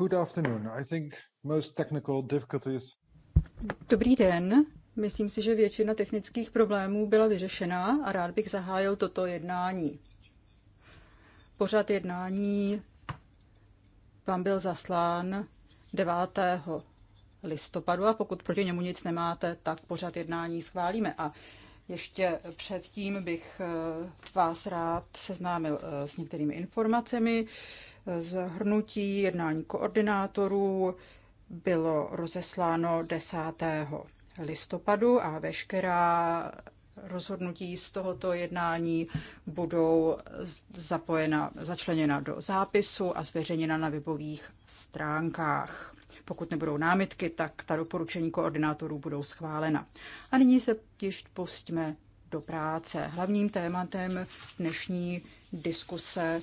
Good afternoon. I think most technical difficulties... Dobrý den. Myslím si, že většina technických problémů byla vyřešena a rád bych zahájil toto jednání. Pořad jednání vám byl zaslán 9. listopadu a pokud proti němu nic nemáte, tak pořad jednání schválíme. A ještě předtím bych eh, vás rád seznámil eh, s některými informacemi. Zhrnutí jednání koordinátorů bylo rozesláno 10. listopadu a veškerá rozhodnutí z tohoto jednání budou zapojena, začleněna do zápisu a zveřejněna na webových stránkách. Pokud nebudou námitky, tak ta doporučení koordinátorů budou schválena. A nyní se těž pustíme do práce. Hlavním tématem dnešní diskuse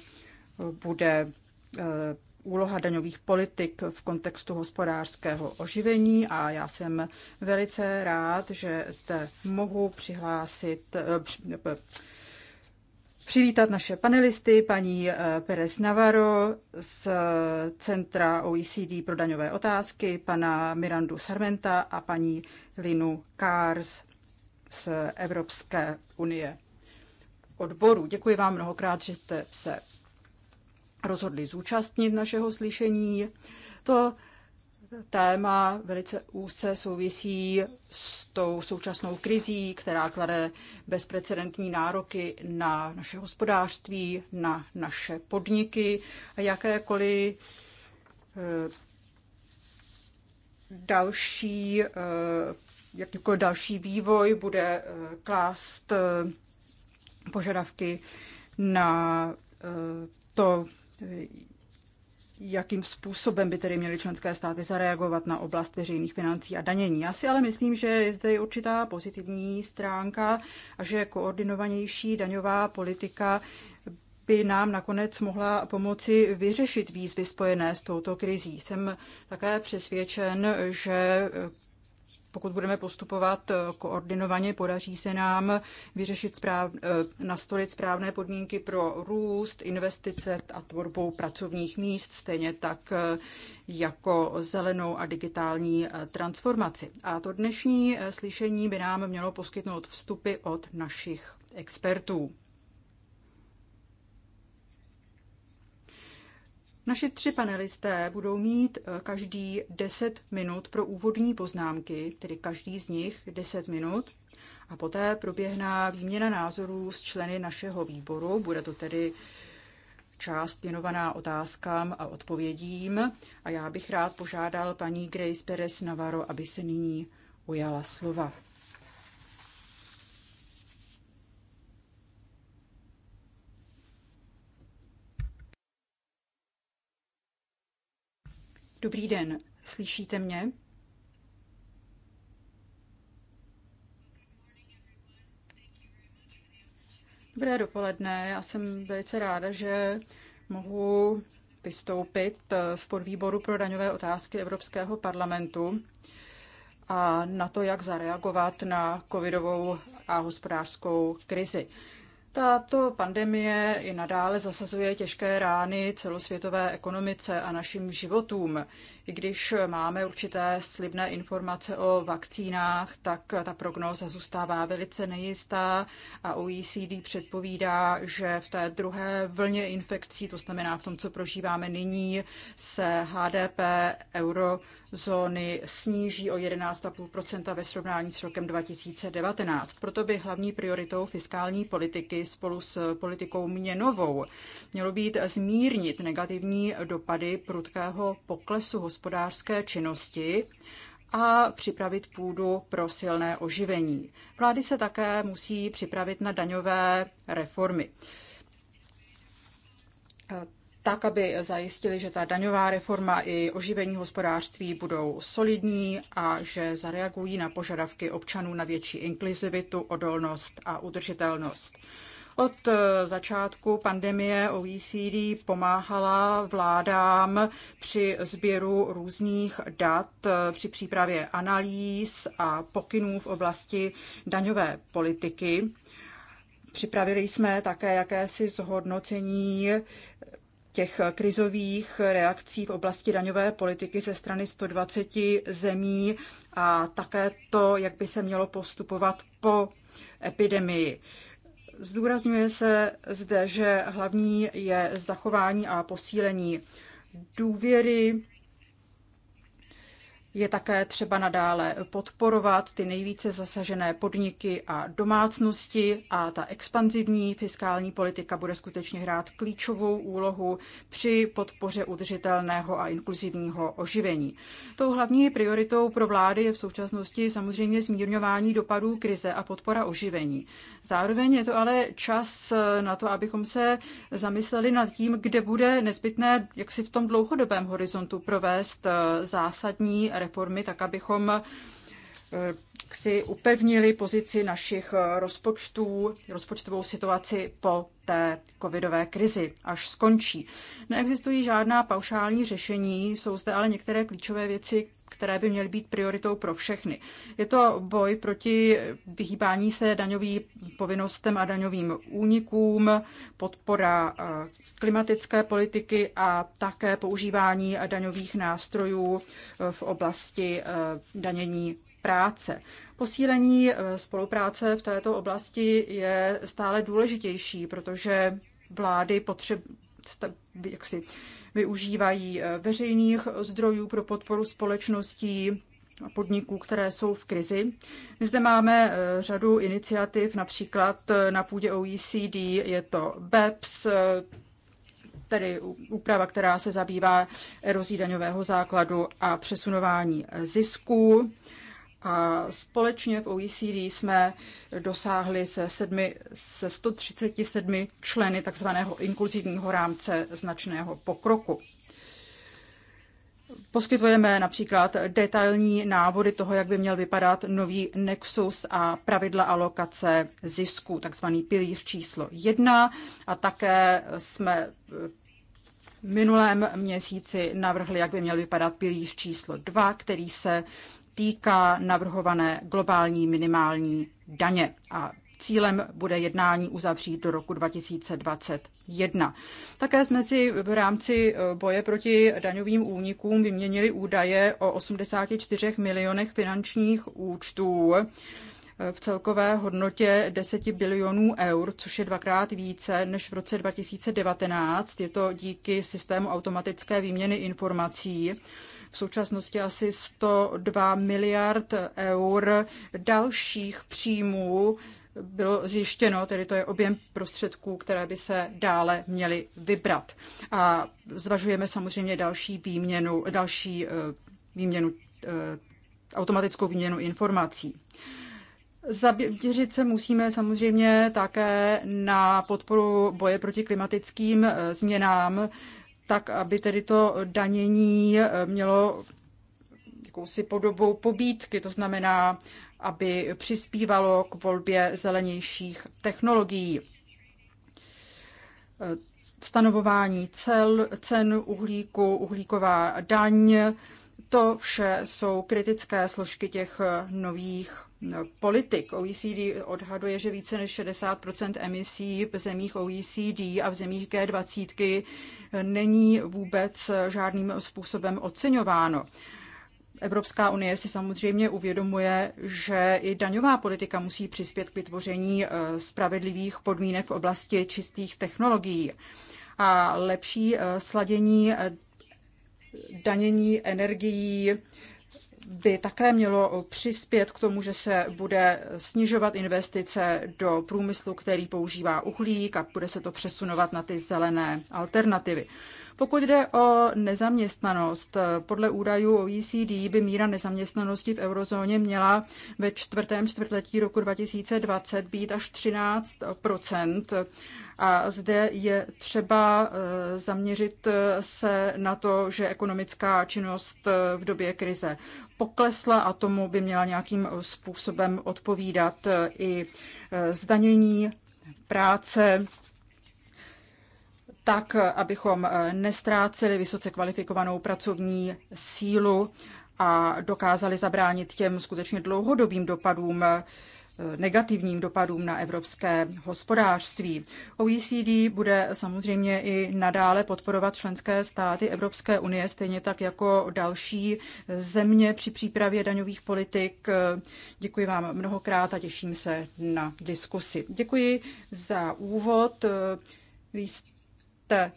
bude Eh, úloha daňových politik v kontextu hospodářského oživení a já jsem velice rád, že zde mohu přihlásit, eh, přivítat naše panelisty, paní eh, Perez Navarro z Centra OECD pro daňové otázky, pana Mirandu Sarmenta a paní Linu Kars z Evropské unie odboru. Děkuji vám mnohokrát, že jste se rozhodli zúčastnit našeho slyšení. To téma velice úzce souvisí s tou současnou krizí, která klade bezprecedentní nároky na naše hospodářství, na naše podniky a jakékoliv eh, další, eh, jakýkoliv další vývoj bude eh, klást požadavky na to, jakým způsobem by tedy měly členské státy zareagovat na oblast veřejných financí a danění. Já si ale myslím, že je zde určitá pozitivní stránka a že koordinovanější daňová politika by nám nakonec mohla pomoci vyřešit výzvy spojené s touto krizí. Jsem také přesvědčen, že pokud budeme postupovat eh, koordinovaně, podaří se nám vyřešit správ, eh, nastolit správné podmínky pro růst, investice a tvorbu pracovních míst, stejně tak eh, jako zelenou a digitální transformaci. A to dnešní slyšení by nám mělo poskytnout vstupy od našich expertů. Naše tři panelisté budou mít eh, každý 10 minut pro úvodní poznámky, tedy každý z nich 10 minut. A poté proběhne výměna názorů s členy našeho výboru. Bude to tedy část věnovaná otázkám a odpovědím. A já bych rád požádal paní Grace Perez Navarro, aby se nyní ujala slova. Dobrý den, slyšíte mě? Dobré dopoledne, já jsem velice ráda, že mohu vystoupit v podvýboru pro daňové otázky Evropského parlamentu a na to, jak zareagovat na covidovou a hospodářskou krizi. Tato pandemie i nadále zasazuje těžké rány celosvětové ekonomice a našim životům. I když máme určité slibné informace o vakcínách, tak ta prognóza zůstává velice nejistá a OECD předpovídá, že v té druhé vlně infekcí, to znamená v tom, co prožíváme nyní, se HDP eurozóny sníží o 11,5% ve srovnání s rokem 2019. Proto by hlavní prioritou fiskální politiky spolu s politikou měnovou. Mělo být zmírnit negativní dopady prudkého poklesu hospodářské činnosti a připravit půdu pro silné oživení. Vlády se také musí připravit na daňové reformy tak, aby zajistili, že ta daňová reforma i oživení hospodářství budou solidní a že zareagují na požadavky občanů na větší inkluzivitu, odolnost a udržitelnost. Od eh, začátku pandemie OECD pomáhala vládám při sběru různých dat, eh, při přípravě analýz a pokynů v oblasti daňové politiky. Připravili jsme také jakési zhodnocení těch krizových reakcí v oblasti daňové politiky ze strany 120 zemí a také to, jak by se mělo postupovat po epidemii. Zdůrazňuje se zde, že hlavní je zachování a posílení důvěry je také třeba nadále podporovat ty nejvíce zasažené podniky a domácnosti a ta expanzivní fiskální politika bude skutečně hrát klíčovou úlohu při podpoře udržitelného a inkluzivního oživení. Tou hlavní prioritou pro vlády je v současnosti samozřejmě zmírňování dopadů krize a podpora oživení. Zároveň je to ale čas na to, abychom se zamysleli nad tím, kde bude nezbytné, jak si v tom dlouhodobém horizontu provést eh, zásadní reformy reformy, tak abychom eh, si upevnili pozici našich eh, rozpočtů, rozpočtovou situaci po té covidové krizi, až skončí. Neexistují žádná paušální řešení, jsou zde ale některé klíčové věci, které by měly být prioritou pro všechny. Je to boj proti vyhýbání se daňovým povinnostem a daňovým únikům, podpora eh, klimatické politiky a také používání daňových nástrojů eh, v oblasti eh, danění práce. Posílení spolupráce v této oblasti je stále důležitější, protože vlády potřebují jak si využívají eh, veřejných zdrojů pro podporu společností a podniků, které jsou v krizi. My zde máme eh, řadu iniciativ, například eh, na půdě OECD je to BEPS, tedy úprava, která se zabývá erozí daňového základu a přesunování zisků a společně v OECD jsme dosáhli se, sedmi, se 137 členy takzvaného inkluzivního rámce značného pokroku. Poskytujeme například detailní návody toho, jak by měl vypadat nový Nexus a pravidla alokace zisku, takzvaný pilíř číslo jedna. A také jsme v minulém měsíci navrhli, jak by měl vypadat pilíř číslo dva, který se týká navrhované globální minimální daně a Cílem bude jednání uzavřít do roku 2021. Také jsme si v rámci eh, boje proti daňovým únikům vyměnili údaje o 84 milionech finančních účtů eh, v celkové hodnotě 10 bilionů eur, což je dvakrát více než v roce 2019. Je to díky systému automatické výměny informací v současnosti asi 102 miliard eur dalších příjmů bylo zjištěno, tedy to je objem prostředků, které by se dále měly vybrat. A zvažujeme samozřejmě další výměnu, další eh, výměnu, eh, automatickou výměnu informací. Zaměřit se musíme samozřejmě také na podporu boje proti klimatickým eh, změnám tak aby tedy to danění eh, mělo jakousi podobou pobídky, to znamená, aby přispívalo k volbě zelenějších technologií. Eh, stanovování cel, cen uhlíku, uhlíková daň, to vše jsou kritické složky těch eh, nových politik OECD odhaduje, že více než 60 emisí v zemích OECD a v zemích G20 není vůbec žádným způsobem oceňováno. Evropská unie si samozřejmě uvědomuje, že i daňová politika musí přispět k vytvoření eh, spravedlivých podmínek v oblasti čistých technologií a lepší eh, sladění eh, danění energií by také mělo přispět k tomu, že se bude snižovat investice do průmyslu, který používá uhlík a bude se to přesunovat na ty zelené alternativy. Pokud jde o nezaměstnanost, podle údajů OECD by míra nezaměstnanosti v eurozóně měla ve čtvrtém čtvrtletí roku 2020 být až 13 a zde je třeba eh, zaměřit eh, se na to, že ekonomická činnost eh, v době krize poklesla a tomu by měla nějakým způsobem odpovídat i zdanění práce tak, abychom nestráceli vysoce kvalifikovanou pracovní sílu a dokázali zabránit těm skutečně dlouhodobým dopadům negativním dopadům na evropské hospodářství. OECD bude samozřejmě i nadále podporovat členské státy Evropské unie, stejně tak jako další země při přípravě daňových politik. Děkuji vám mnohokrát a těším se na diskusi. Děkuji za úvod. Vy jste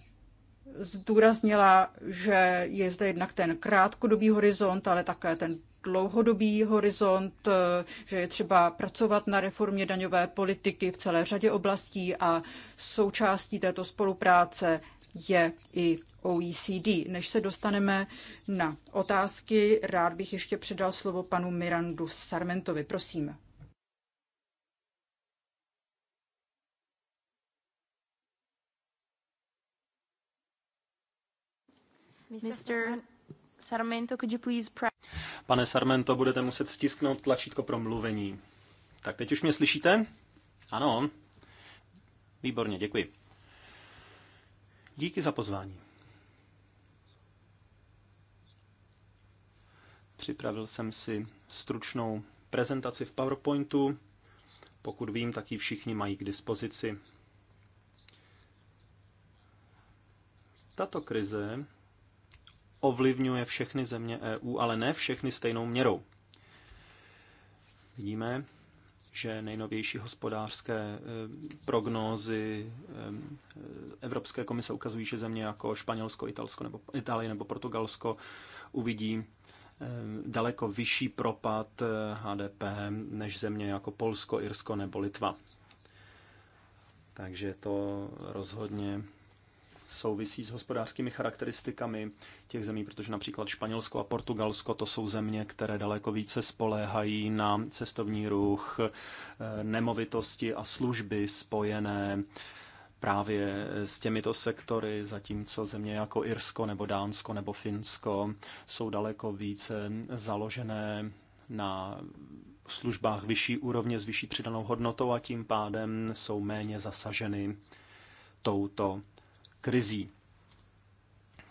zdůraznila, že je zde jednak ten krátkodobý horizont, ale také ten dlouhodobý horizont, eh, že je třeba pracovat na reformě daňové politiky v celé řadě oblastí a součástí této spolupráce je i OECD. Než se dostaneme na otázky, rád bych ještě předal slovo panu Mirandu Sarmentovi. Prosím. Mr. Sarmento, could you please press... Pane Sarmento, budete muset stisknout tlačítko pro mluvení. Tak teď už mě slyšíte? Ano. Výborně, děkuji. Díky za pozvání. Připravil jsem si stručnou prezentaci v PowerPointu. Pokud vím, tak ji všichni mají k dispozici. Tato krize ovlivňuje všechny země EU, ale ne všechny stejnou měrou. Vidíme, že nejnovější hospodářské eh, prognózy eh, Evropské komise ukazují, že země jako Španělsko, Italsko nebo Itálie nebo Portugalsko uvidí eh, daleko vyšší propad HDP než země jako Polsko, Irsko nebo Litva. Takže to rozhodně souvisí s hospodářskými charakteristikami těch zemí, protože například Španělsko a Portugalsko to jsou země, které daleko více spoléhají na cestovní ruch, eh, nemovitosti a služby spojené právě s těmito sektory, zatímco země jako Irsko nebo Dánsko nebo Finsko jsou daleko více založené na službách vyšší úrovně s vyšší přidanou hodnotou a tím pádem jsou méně zasaženy touto krizí.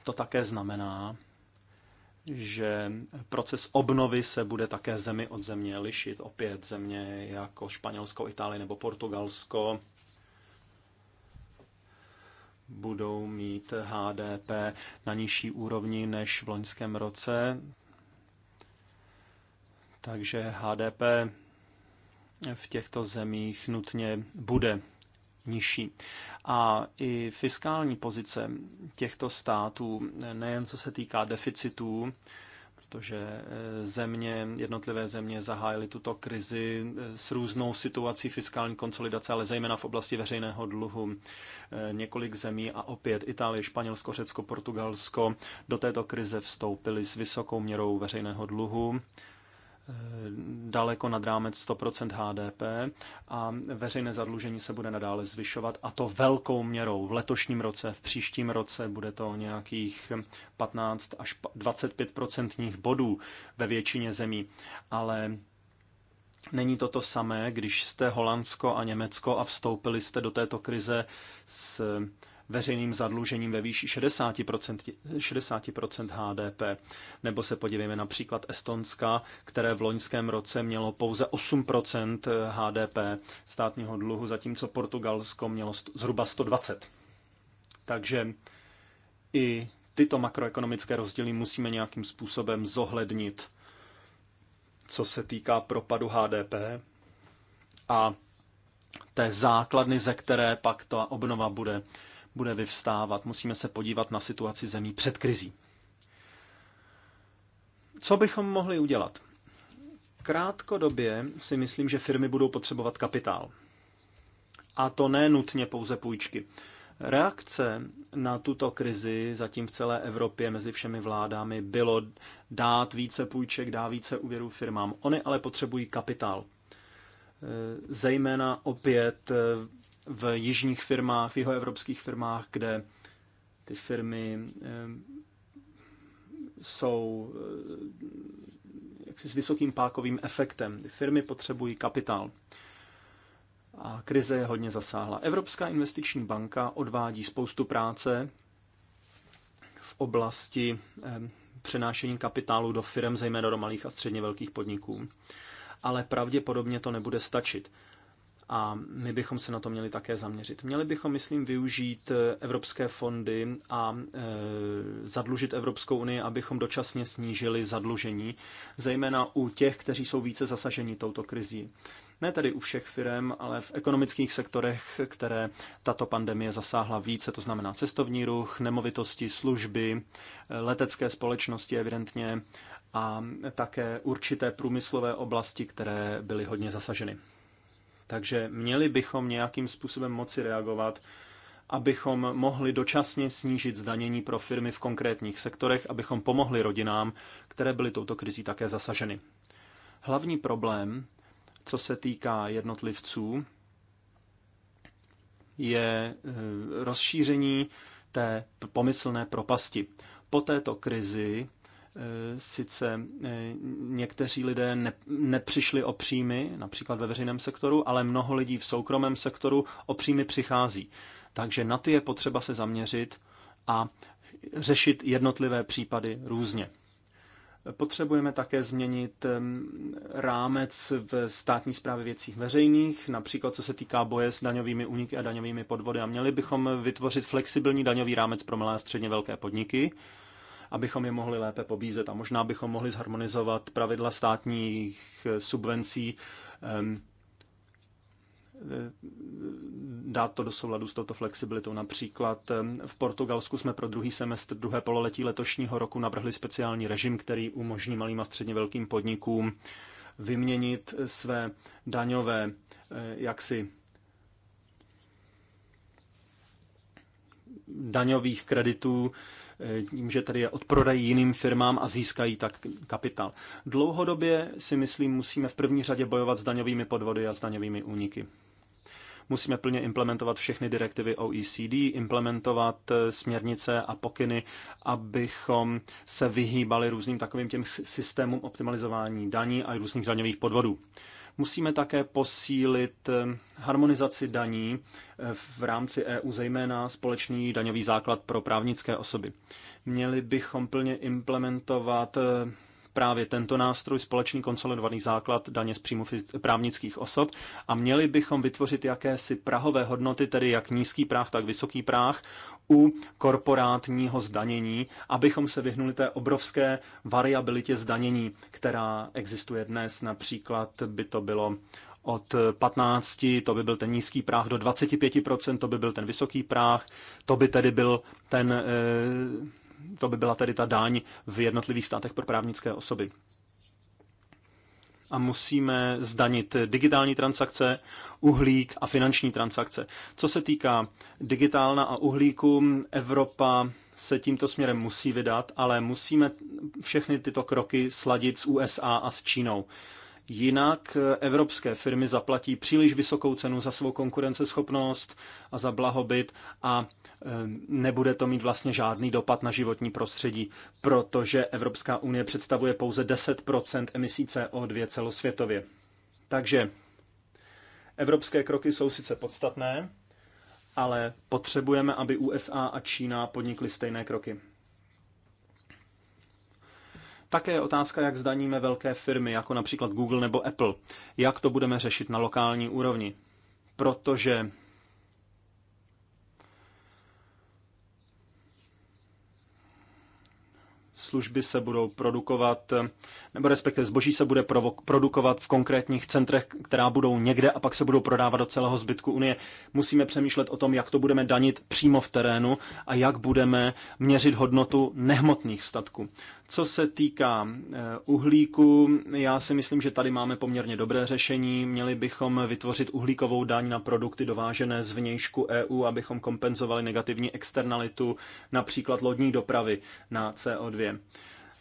To také znamená, že proces obnovy se bude také zemi od země lišit. Opět země jako Španělsko, Itálie nebo Portugalsko budou mít HDP na nižší úrovni než v loňském roce. Takže HDP v těchto zemích nutně bude nižší. A i fiskální pozice těchto států, nejen co se týká deficitů, protože eh, země, jednotlivé země zahájily tuto krizi eh, s různou situací fiskální konsolidace, ale zejména v oblasti veřejného dluhu. Eh, několik zemí a opět Itálie, Španělsko, Řecko, Portugalsko do této krize vstoupily s vysokou měrou veřejného dluhu daleko nad rámec 100% HDP a veřejné zadlužení se bude nadále zvyšovat a to velkou měrou v letošním roce, v příštím roce bude to nějakých 15 až 25% bodů ve většině zemí, ale Není to to samé, když jste Holandsko a Německo a vstoupili jste do této krize s veřejným zadlužením ve výši 60%, 60% HDP. Nebo se podívejme například Estonska, které v loňském roce mělo pouze 8% HDP státního dluhu, zatímco Portugalsko mělo zhruba 120. Takže i tyto makroekonomické rozdíly musíme nějakým způsobem zohlednit, co se týká propadu HDP a té základny, ze které pak ta obnova bude bude vyvstávat. Musíme se podívat na situaci zemí před krizí. Co bychom mohli udělat? Krátkodobě si myslím, že firmy budou potřebovat kapitál. A to ne nutně pouze půjčky. Reakce na tuto krizi zatím v celé Evropě mezi všemi vládami bylo dát více půjček, dát více úvěrů firmám. Oni ale potřebují kapitál. Zejména opět v jižních firmách, v evropských firmách, kde ty firmy jsou eh, jaksi s vysokým pákovým efektem. Ty firmy potřebují kapitál. A krize je hodně zasáhla. Evropská investiční banka odvádí spoustu práce v oblasti přenášení kapitálu do firm, zejména do malých a středně velkých podniků. Ale pravděpodobně to nebude stačit a my bychom se na to měli také zaměřit. Měli bychom, myslím, využít eh, evropské fondy a e, zadlužit Evropskou unii, abychom dočasně snížili zadlužení, zejména u těch, kteří jsou více zasaženi touto krizí. Ne tedy u všech firm, ale v ekonomických sektorech, které tato pandemie zasáhla více, to znamená cestovní ruch, nemovitosti, služby, eh, letecké společnosti evidentně a také určité průmyslové oblasti, které byly hodně zasaženy. Takže měli bychom nějakým způsobem moci reagovat, abychom mohli dočasně snížit zdanění pro firmy v konkrétních sektorech, abychom pomohli rodinám, které byly touto krizí také zasaženy. Hlavní problém, co se týká jednotlivců, je eh, rozšíření té pomyslné propasti. Po této krizi sice eh, někteří lidé ne, nepřišli o příjmy, například ve veřejném sektoru, ale mnoho lidí v soukromém sektoru o příjmy přichází. Takže na ty je potřeba se zaměřit a řešit jednotlivé případy různě. Potřebujeme také změnit rámec v státní správě věcí veřejných, například co se týká boje s daňovými úniky a daňovými podvody. A měli bychom vytvořit flexibilní daňový rámec pro malé a středně velké podniky, abychom je mohli lépe pobízet a možná bychom mohli zharmonizovat pravidla státních eh, subvencí, ehm, eh, dát to do souladu s touto flexibilitou. Například ehm, v Portugalsku jsme pro druhý semestr druhé pololetí letošního roku navrhli speciální režim, který umožní malým a středně velkým podnikům vyměnit své daňové eh, jaksi daňových kreditů tím, eh, že tady je odprodají jiným firmám a získají tak kapitál. Dlouhodobě si myslím, musíme v první řadě bojovat s daňovými podvody a s daňovými úniky musíme plně implementovat všechny direktivy OECD, implementovat eh, směrnice a pokyny, abychom se vyhýbali různým takovým těm systémům optimalizování daní a různých daňových podvodů. Musíme také posílit eh, harmonizaci daní eh, v rámci EU, zejména společný daňový základ pro právnické osoby. Měli bychom plně implementovat eh, právě tento nástroj, společný konsolidovaný základ daně z příjmu právnických osob a měli bychom vytvořit jakési prahové hodnoty, tedy jak nízký práh, tak vysoký práh, u korporátního zdanění, abychom se vyhnuli té obrovské variabilitě zdanění, která existuje dnes. Například by to bylo od 15, to by byl ten nízký práh, do 25%, to by byl ten vysoký práh, to by tedy byl ten, eh, to by byla tedy ta daň v jednotlivých státech pro právnické osoby a musíme zdanit digitální transakce, uhlík a finanční transakce. Co se týká digitálna a uhlíku, Evropa se tímto směrem musí vydat, ale musíme všechny tyto kroky sladit s USA a s Čínou. Jinak eh, evropské firmy zaplatí příliš vysokou cenu za svou konkurenceschopnost a za blahobyt a eh, nebude to mít vlastně žádný dopad na životní prostředí, protože Evropská unie představuje pouze 10 emisí CO2 celosvětově. Takže evropské kroky jsou sice podstatné, ale potřebujeme, aby USA a Čína podnikly stejné kroky. Také je otázka, jak zdaníme velké firmy, jako například Google nebo Apple. Jak to budeme řešit na lokální úrovni? Protože služby se budou produkovat, nebo respektive zboží se bude produkovat v konkrétních centrech, která budou někde a pak se budou prodávat do celého zbytku Unie. Musíme přemýšlet o tom, jak to budeme danit přímo v terénu a jak budeme měřit hodnotu nehmotných statků. Co se týká eh, uhlíku, já si myslím, že tady máme poměrně dobré řešení. Měli bychom vytvořit uhlíkovou daň na produkty dovážené z vnějšku EU, abychom kompenzovali negativní externalitu, například lodní dopravy na CO2.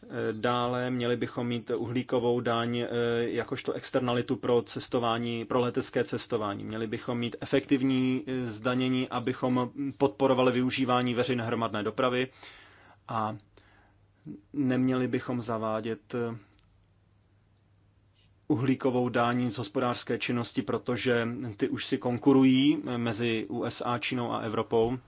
Eh, dále měli bychom mít uhlíkovou daň eh, jakožto externalitu pro cestování, pro letecké cestování. Měli bychom mít efektivní zdanění, abychom podporovali využívání veřejné hromadné dopravy a Neměli bychom zavádět eh, uhlíkovou dání z hospodářské činnosti, protože ty už si konkurují eh, mezi USA, Čínou a Evropou.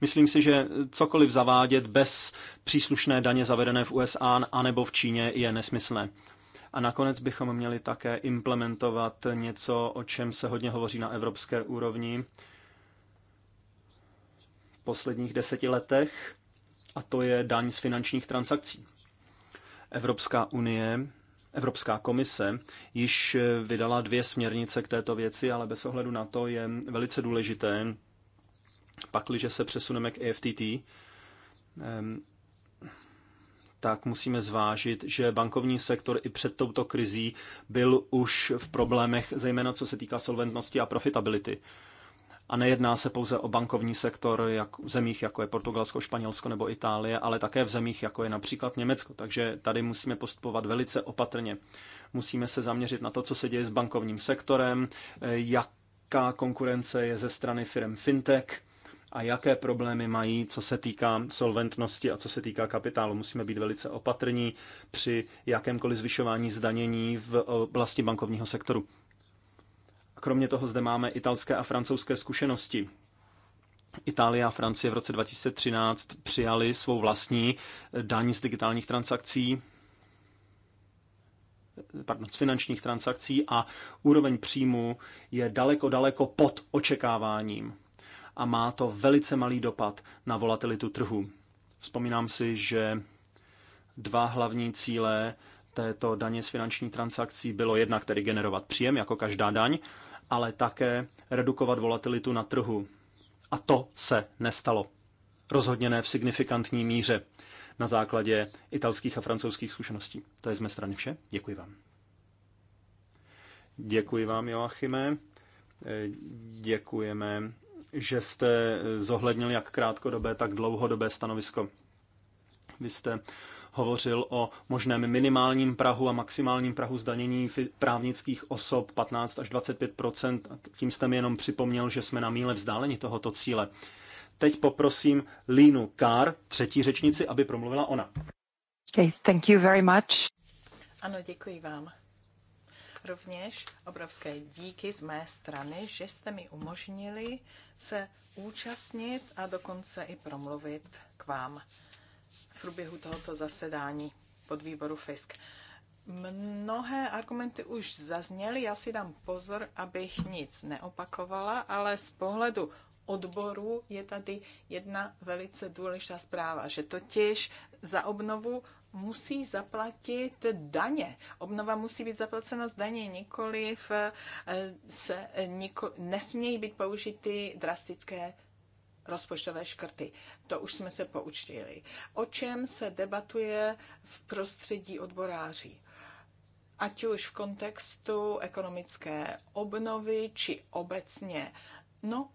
Myslím si, že cokoliv zavádět bez příslušné daně zavedené v USA anebo v Číně je nesmyslné. A nakonec bychom měli také implementovat něco, o čem se hodně hovoří na evropské úrovni v posledních deseti letech, a to je daň z finančních transakcí. Evropská unie, Evropská komise již vydala dvě směrnice k této věci, ale bez ohledu na to je velice důležité, pakliže se přesuneme k EFTT, ehm, tak musíme zvážit, že bankovní sektor i před touto krizí byl už v problémech, zejména co se týká solventnosti a profitability. A nejedná se pouze o bankovní sektor jak v zemích, jako je Portugalsko, Španělsko nebo Itálie, ale také v zemích, jako je například Německo. Takže tady musíme postupovat velice opatrně. Musíme se zaměřit na to, co se děje s bankovním sektorem, jaká konkurence je ze strany firm fintech, a jaké problémy mají, co se týká solventnosti a co se týká kapitálu. Musíme být velice opatrní při jakémkoliv zvyšování zdanění v oblasti bankovního sektoru kromě toho zde máme italské a francouzské zkušenosti. Itálie a Francie v roce 2013 přijali svou vlastní eh, daň z digitálních transakcí, eh, pardon, z finančních transakcí a úroveň příjmu je daleko, daleko pod očekáváním a má to velice malý dopad na volatilitu trhu. Vzpomínám si, že dva hlavní cíle této daně z finančních transakcí bylo jednak tedy generovat příjem jako každá daň ale také redukovat volatilitu na trhu. A to se nestalo. Rozhodně ne v signifikantní míře na základě italských a francouzských zkušeností. To je z mé strany vše. Děkuji vám. Děkuji vám, Joachime. Děkujeme, že jste zohlednil jak krátkodobé, tak dlouhodobé stanovisko. Vy jste hovořil o možném minimálním Prahu a maximálním Prahu zdanění právnických osob 15 až 25 Tím jste mi jenom připomněl, že jsme na míle vzdáleni tohoto cíle. Teď poprosím Línu Kár, třetí řečnici, aby promluvila ona. Okay, thank you very much. Ano, děkuji vám. Rovněž obrovské díky z mé strany, že jste mi umožnili se účastnit a dokonce i promluvit k vám v průběhu tohoto zasedání pod výboru FISK. Mnohé argumenty už zazněly, já si dám pozor, abych nic neopakovala, ale z pohledu odboru je tady jedna velice důležitá zpráva, že totiž za obnovu musí zaplatit daně. Obnova musí být zaplacena z daně, nikoliv eh, se, eh, nikoliv, nesmějí být použity drastické rozpočtové škrty. To už jsme se poučtili. O čem se debatuje v prostředí odboráří? Ať už v kontextu ekonomické obnovy či obecně. No,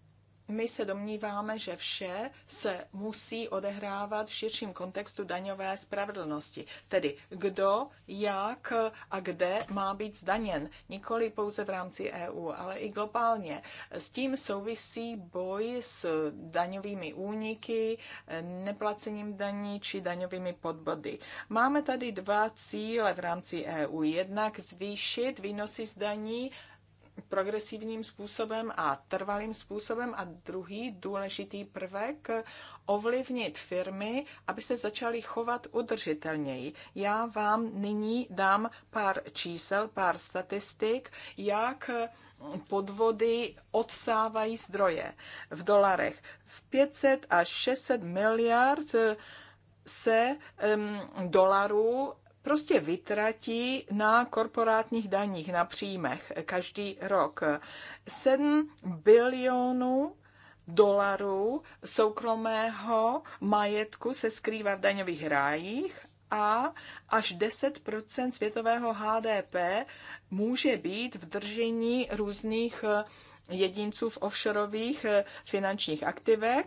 my se domníváme, že vše se musí odehrávat v širším kontextu daňové spravedlnosti, tedy kdo, jak a kde má být zdaněn, nikoli pouze v rámci EU, ale i globálně. S tím souvisí boj s daňovými úniky, neplacením daní či daňovými podbody. Máme tady dva cíle v rámci EU. Jednak zvýšit výnosy z daní progresivním způsobem a trvalým způsobem a druhý důležitý prvek ovlivnit firmy, aby se začaly chovat udržitelněji. Já vám nyní dám pár čísel, pár statistik, jak podvody odsávají zdroje v dolarech. V 500 až 600 miliard se um, dolarů prostě vytratí na korporátních daních, na příjmech každý rok 7 bilionů dolarů soukromého majetku se skrývá v daňových rájích a až 10 světového HDP může být v držení různých jedinců v offshoreových eh, finančních aktivech,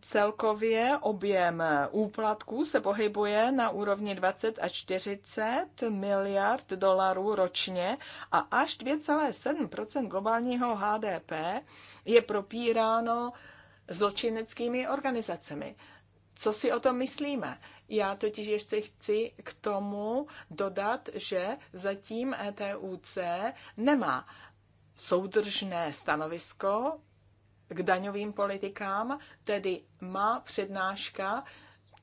Celkově objem úplatků se pohybuje na úrovni 20 až 40 miliard dolarů ročně a až 2,7 globálního HDP je propíráno zločineckými organizacemi. Co si o tom myslíme? Já totiž ještě chci k tomu dodat, že zatím ETUC nemá soudržné stanovisko k daňovým politikám, tedy má přednáška,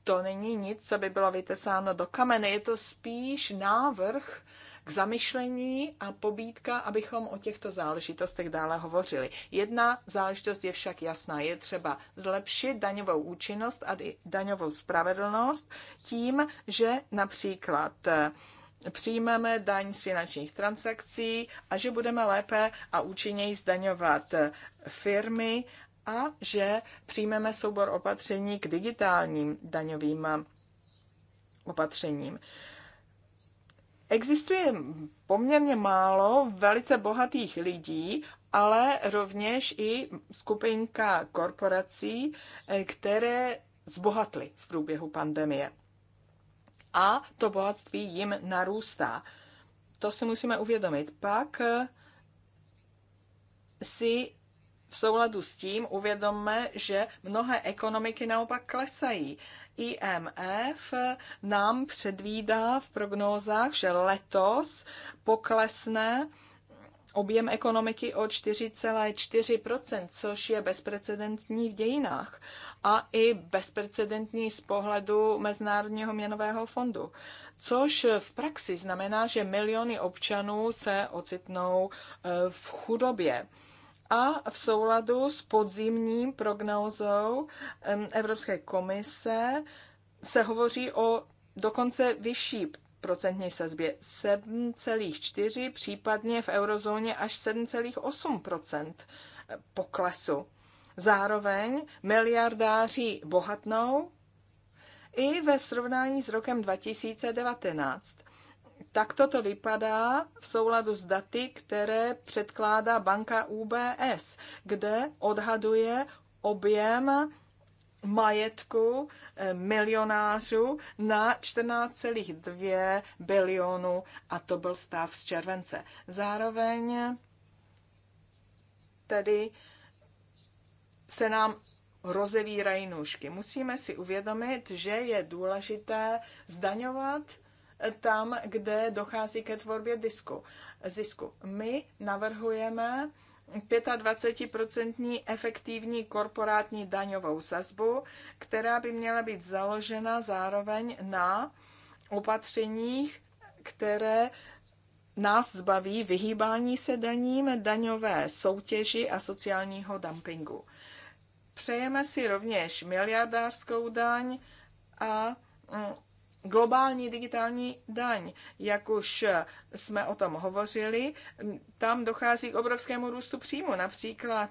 to není nic, co by bylo vytesáno do kamene, je to spíš návrh k zamyšlení a pobídka, abychom o těchto záležitostech dále hovořili. Jedna záležitost je však jasná, je třeba zlepšit daňovou účinnost a daňovou spravedlnost tím, že například přijmeme daň z finančních transakcí a že budeme lépe a účinněji zdaňovat firmy a že přijmeme soubor opatření k digitálním daňovým opatřením. Existuje poměrně málo velice bohatých lidí, ale rovněž i skupinka korporací, které zbohatly v průběhu pandemie a to bohatství jim narůstá. To si musíme uvědomit. Pak eh, si v souladu s tím uvědomme, že mnohé ekonomiky naopak klesají. IMF eh, nám předvídá v prognózách, že letos poklesne objem ekonomiky o 4,4%, což je bezprecedentní v dějinách a i bezprecedentní z pohledu Mezinárodního měnového fondu. Což v praxi znamená, že miliony občanů se ocitnou e, v chudobě. A v souladu s podzimním prognózou Evropské komise se hovoří o dokonce vyšší procentní sazbě 7,4, případně v eurozóně až 7,8 poklesu. Zároveň miliardáři bohatnou i ve srovnání s rokem 2019. Takto to vypadá v souladu s daty, které předkládá banka UBS, kde odhaduje objem majetku eh, milionářů na 14,2 bilionů a to byl stav z července. Zároveň tedy se nám rozevírají nůžky. Musíme si uvědomit, že je důležité zdaňovat eh, tam, kde dochází ke tvorbě disku, zisku. My navrhujeme 25% efektivní korporátní daňovou sazbu, která by měla být založena zároveň na opatřeních, které nás zbaví vyhýbání se daním, daňové soutěži a sociálního dumpingu. Přejeme si rovněž miliardářskou daň a mm, Globální digitální daň, jak už jsme o tom hovořili, tam dochází k obrovskému růstu příjmu. Například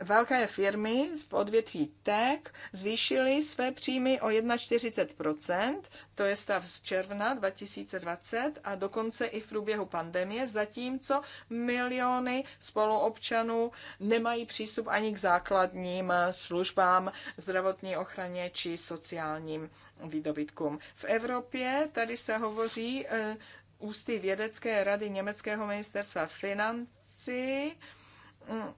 velké firmy z odvětví tech zvýšily své příjmy o 41%, to je stav z června 2020 a dokonce i v průběhu pandemie, zatímco miliony spoluobčanů nemají přístup ani k základním službám zdravotní ochraně či sociálním výdobytkům. V Evropě tady se hovoří eh, ústy vědecké rady Německého ministerstva financí, mm,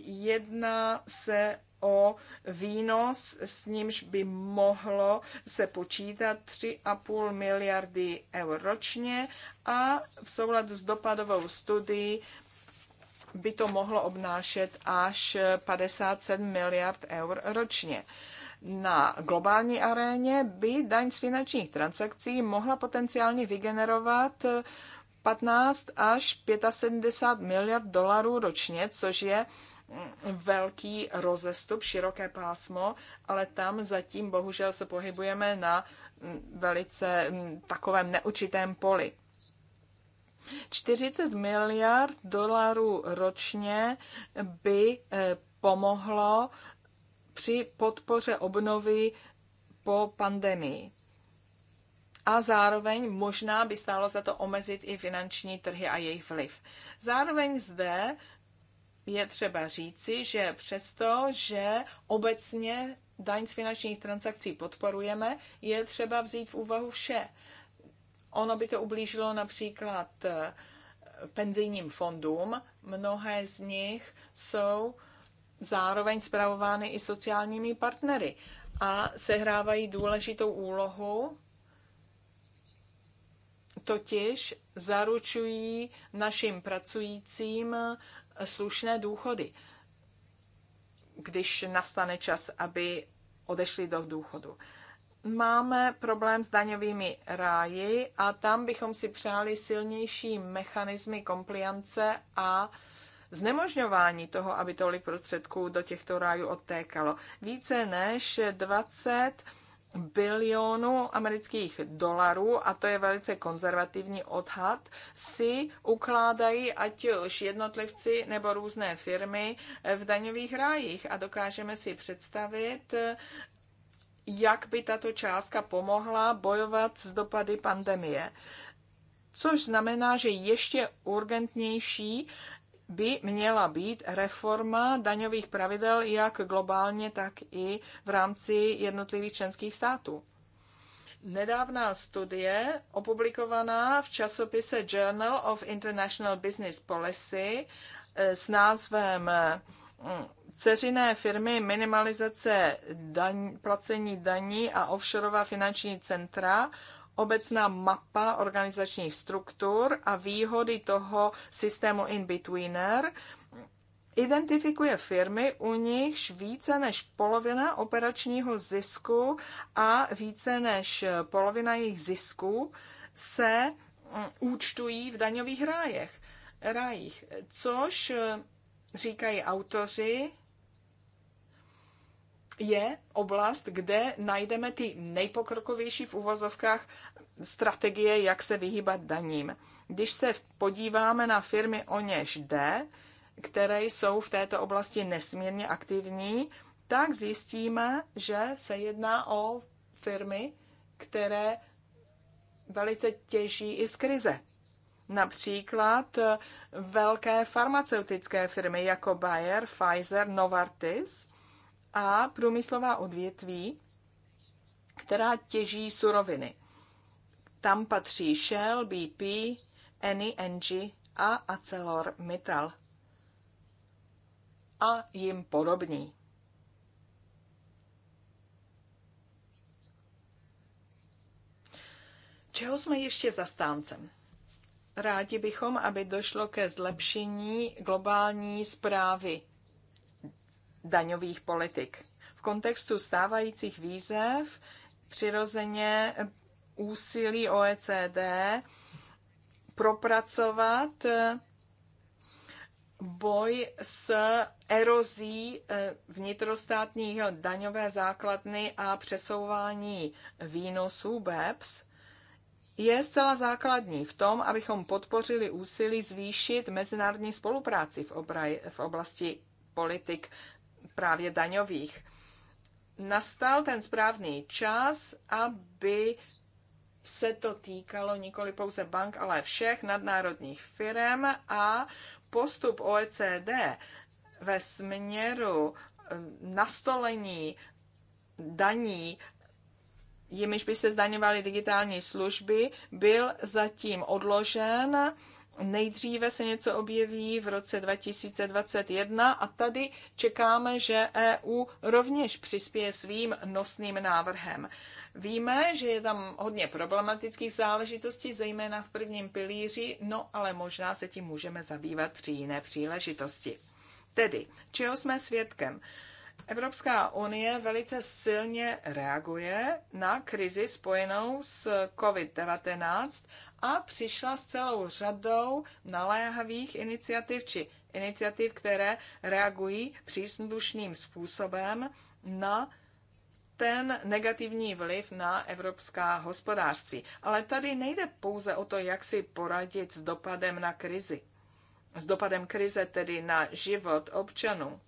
Jedná se o výnos, s nímž by mohlo se počítat 3,5 miliardy eur ročně a v souladu s dopadovou studií by to mohlo obnášet až 57 miliard eur ročně. Na globální aréně by daň z finančních transakcí mohla potenciálně vygenerovat 15 až 75 miliard dolarů ročně, což je mm, velký rozestup, široké pásmo, ale tam zatím bohužel se pohybujeme na mm, velice mm, takovém neučitém poli. 40 miliard dolarů ročně by eh, pomohlo při podpoře obnovy po pandemii a zároveň možná by stálo za to omezit i finanční trhy a jejich vliv. Zároveň zde je třeba říci, že přesto, že obecně daň z finančních transakcí podporujeme, je třeba vzít v úvahu vše. Ono by to ublížilo například eh, penzijním fondům. Mnohé z nich jsou zároveň zpravovány i sociálními partnery a sehrávají důležitou úlohu totiž zaručují našim pracujícím slušné důchody, když nastane čas, aby odešli do důchodu. Máme problém s daňovými ráji a tam bychom si přáli silnější mechanismy kompliance a znemožňování toho, aby tolik prostředků do těchto rájů odtékalo. Více než 20 bilionů amerických dolarů, a to je velice konzervativní odhad, si ukládají ať už jednotlivci nebo různé firmy v daňových rájích. A dokážeme si představit, jak by tato částka pomohla bojovat s dopady pandemie což znamená, že ještě urgentnější by měla být reforma daňových pravidel jak globálně, tak i v rámci jednotlivých členských států. Nedávná studie, opublikovaná v časopise Journal of International Business Policy eh, s názvem mm, Ceřiné firmy minimalizace daň, placení daní a offshoreová finanční centra obecná mapa organizačních struktur a výhody toho systému in-betweener identifikuje firmy, u nichž více než polovina operačního zisku a více než polovina jejich zisku se mm, účtují v daňových rájech, rájích což říkají autoři, je oblast, kde najdeme ty nejpokrokovější v uvozovkách strategie, jak se vyhýbat daním. Když se podíváme na firmy, o něž jde, které jsou v této oblasti nesmírně aktivní, tak zjistíme, že se jedná o firmy, které velice těží i z krize. Například eh, velké farmaceutické firmy jako Bayer, Pfizer, Novartis a průmyslová odvětví, která těží suroviny. Tam patří Shell, BP, Eni Engie a Acelor Mittal a jim podobní. Čeho jsme ještě zastáncem? Rádi bychom, aby došlo ke zlepšení globální zprávy daňových politik. V kontextu stávajících výzev přirozeně úsilí OECD propracovat eh, boj s erozí eh, vnitrostátního daňové základny a přesouvání výnosů BEPS je zcela základní v tom, abychom podpořili úsilí zvýšit mezinárodní spolupráci v, oblasti politik právě daňových. Nastal ten správný čas, aby se to týkalo nikoli pouze bank, ale všech nadnárodních firm a postup OECD ve směru eh, nastolení daní, jimiž by se zdaňovaly digitální služby, byl zatím odložen Nejdříve se něco objeví v roce 2021 a tady čekáme, že EU rovněž přispěje svým nosným návrhem. Víme, že je tam hodně problematických záležitostí, zejména v prvním pilíři, no ale možná se tím můžeme zabývat při jiné příležitosti. Tedy, čeho jsme svědkem? Evropská unie velice silně reaguje na krizi spojenou s COVID-19 a přišla s celou řadou naléhavých iniciativ či iniciativ, které reagují příslušným způsobem na ten negativní vliv na evropská hospodářství. Ale tady nejde pouze o to, jak si poradit s dopadem na krizi. S dopadem krize tedy na život občanů.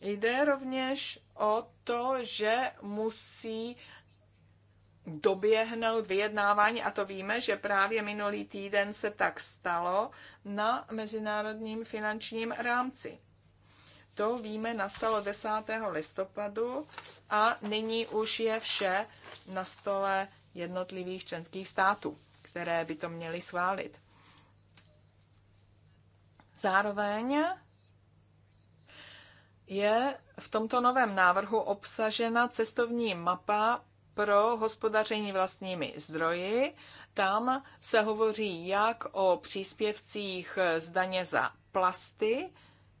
Jde rovněž o to, že musí doběhnout vyjednávání a to víme, že právě minulý týden se tak stalo na mezinárodním finančním rámci. To víme, nastalo 10. listopadu a nyní už je vše na stole jednotlivých členských států, které by to měly schválit. Zároveň je v tomto novém návrhu obsažena cestovní mapa pro hospodaření vlastními zdroji. Tam se hovoří jak o příspěvcích z daně za plasty,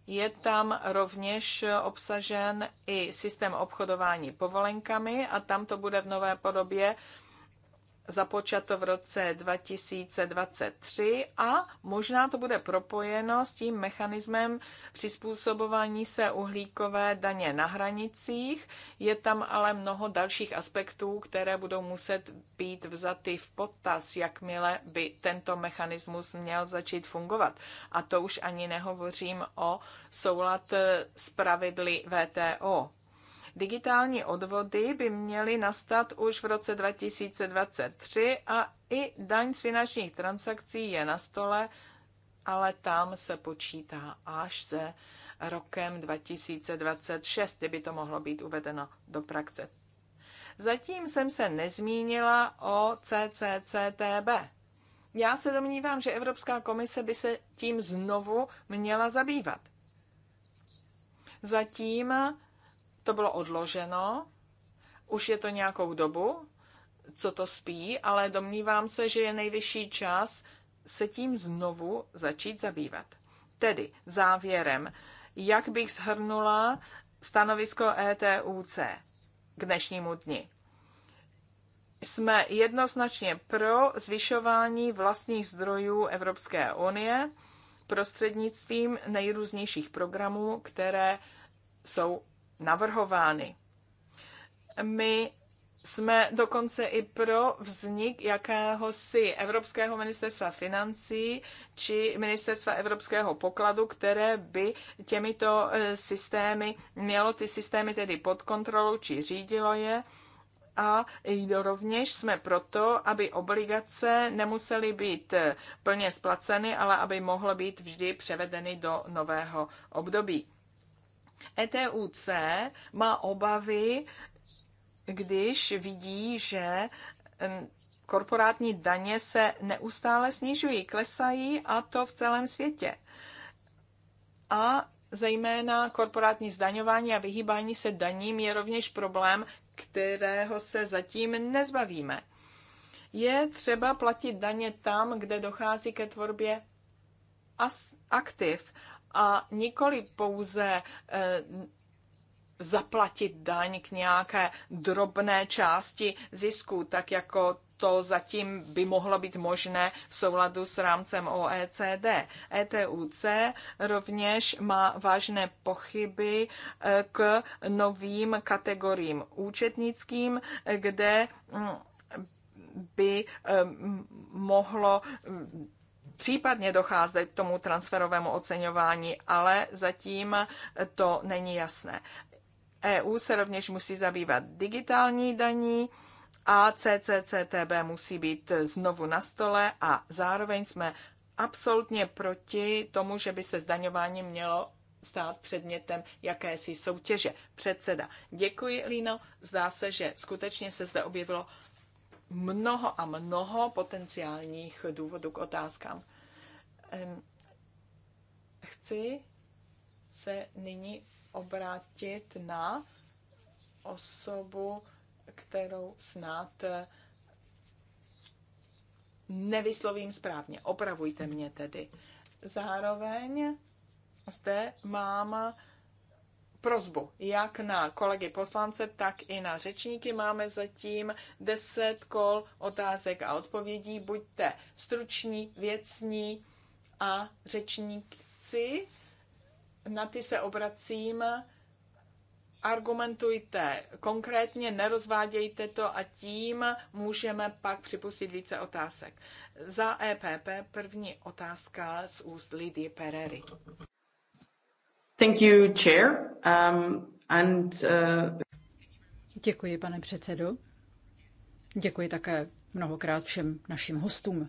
je tam rovněž obsažen i systém obchodování povolenkami a tam to bude v nové podobě započato v roce 2023 a možná to bude propojeno s tím mechanismem přizpůsobování se uhlíkové daně na hranicích. Je tam ale mnoho dalších aspektů, které budou muset být vzaty v potaz, jakmile by tento mechanismus měl začít fungovat. A to už ani nehovořím o soulad s pravidly VTO. Digitální odvody by měly nastat už v roce 2023 a i daň z finančních transakcí je na stole, ale tam se počítá až se rokem 2026, kdyby to mohlo být uvedeno do praxe. Zatím jsem se nezmínila o CCCTB. Já se domnívám, že Evropská komise by se tím znovu měla zabývat. Zatím to bylo odloženo, už je to nějakou dobu, co to spí, ale domnívám se, že je nejvyšší čas se tím znovu začít zabývat. Tedy závěrem, jak bych shrnula stanovisko ETUC k dnešnímu dni. Jsme jednoznačně pro zvyšování vlastních zdrojů Evropské unie prostřednictvím nejrůznějších programů, které jsou navrhovány. My jsme dokonce i pro vznik jakéhosi Evropského ministerstva financí či ministerstva Evropského pokladu, které by těmito e, systémy mělo ty systémy tedy pod kontrolou či řídilo je. A rovněž jsme proto, aby obligace nemusely být e, plně splaceny, ale aby mohly být vždy převedeny do nového období. ETUC má obavy, když vidí, že korporátní daně se neustále snižují, klesají a to v celém světě. A zejména korporátní zdaňování a vyhýbání se daním je rovněž problém, kterého se zatím nezbavíme. Je třeba platit daně tam, kde dochází ke tvorbě aktiv a nikoli pouze eh, zaplatit daň k nějaké drobné části zisku, tak jako to zatím by mohlo být možné v souladu s rámcem OECD. ETUC rovněž má vážné pochyby eh, k novým kategoriím účetnickým, eh, kde mm, by mohlo mm, případně docházet k tomu transferovému oceňování, ale zatím to není jasné. EU se rovněž musí zabývat digitální daní a CCCTB musí být znovu na stole a zároveň jsme absolutně proti tomu, že by se zdaňování mělo stát předmětem jakési soutěže. Předseda. Děkuji, Lino. Zdá se, že skutečně se zde objevilo mnoho a mnoho potenciálních důvodů k otázkám. Chci se nyní obrátit na osobu, kterou snad eh, nevyslovím správně. Opravujte mě tedy. Zároveň zde mám prozbu jak na kolegy poslance, tak i na řečníky. Máme zatím 10 kol otázek a odpovědí. Buďte struční, věcní a řečníci. Na ty se obracím. Argumentujte konkrétně, nerozvádějte to a tím můžeme pak připustit více otázek. Za EPP první otázka z úst Lidie Perery. Thank you, chair. Um, and, uh... Děkuji, pane předsedo. Děkuji také mnohokrát všem našim hostům.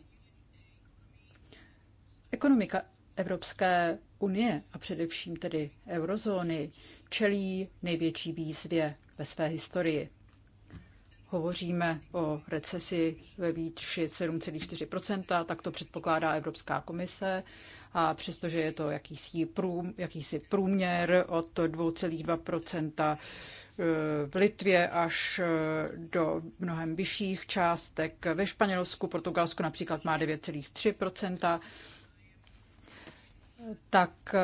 Ekonomika Evropské unie a především tedy eurozóny čelí největší výzvě ve své historii hovoříme o recesi ve výši 7,4%, tak to předpokládá Evropská komise. A přestože je to jakýsi, prům, jakýsi průměr od 2,2% eh, v Litvě až eh, do mnohem vyšších částek ve Španělsku, Portugalsku například má 9,3%, tak eh,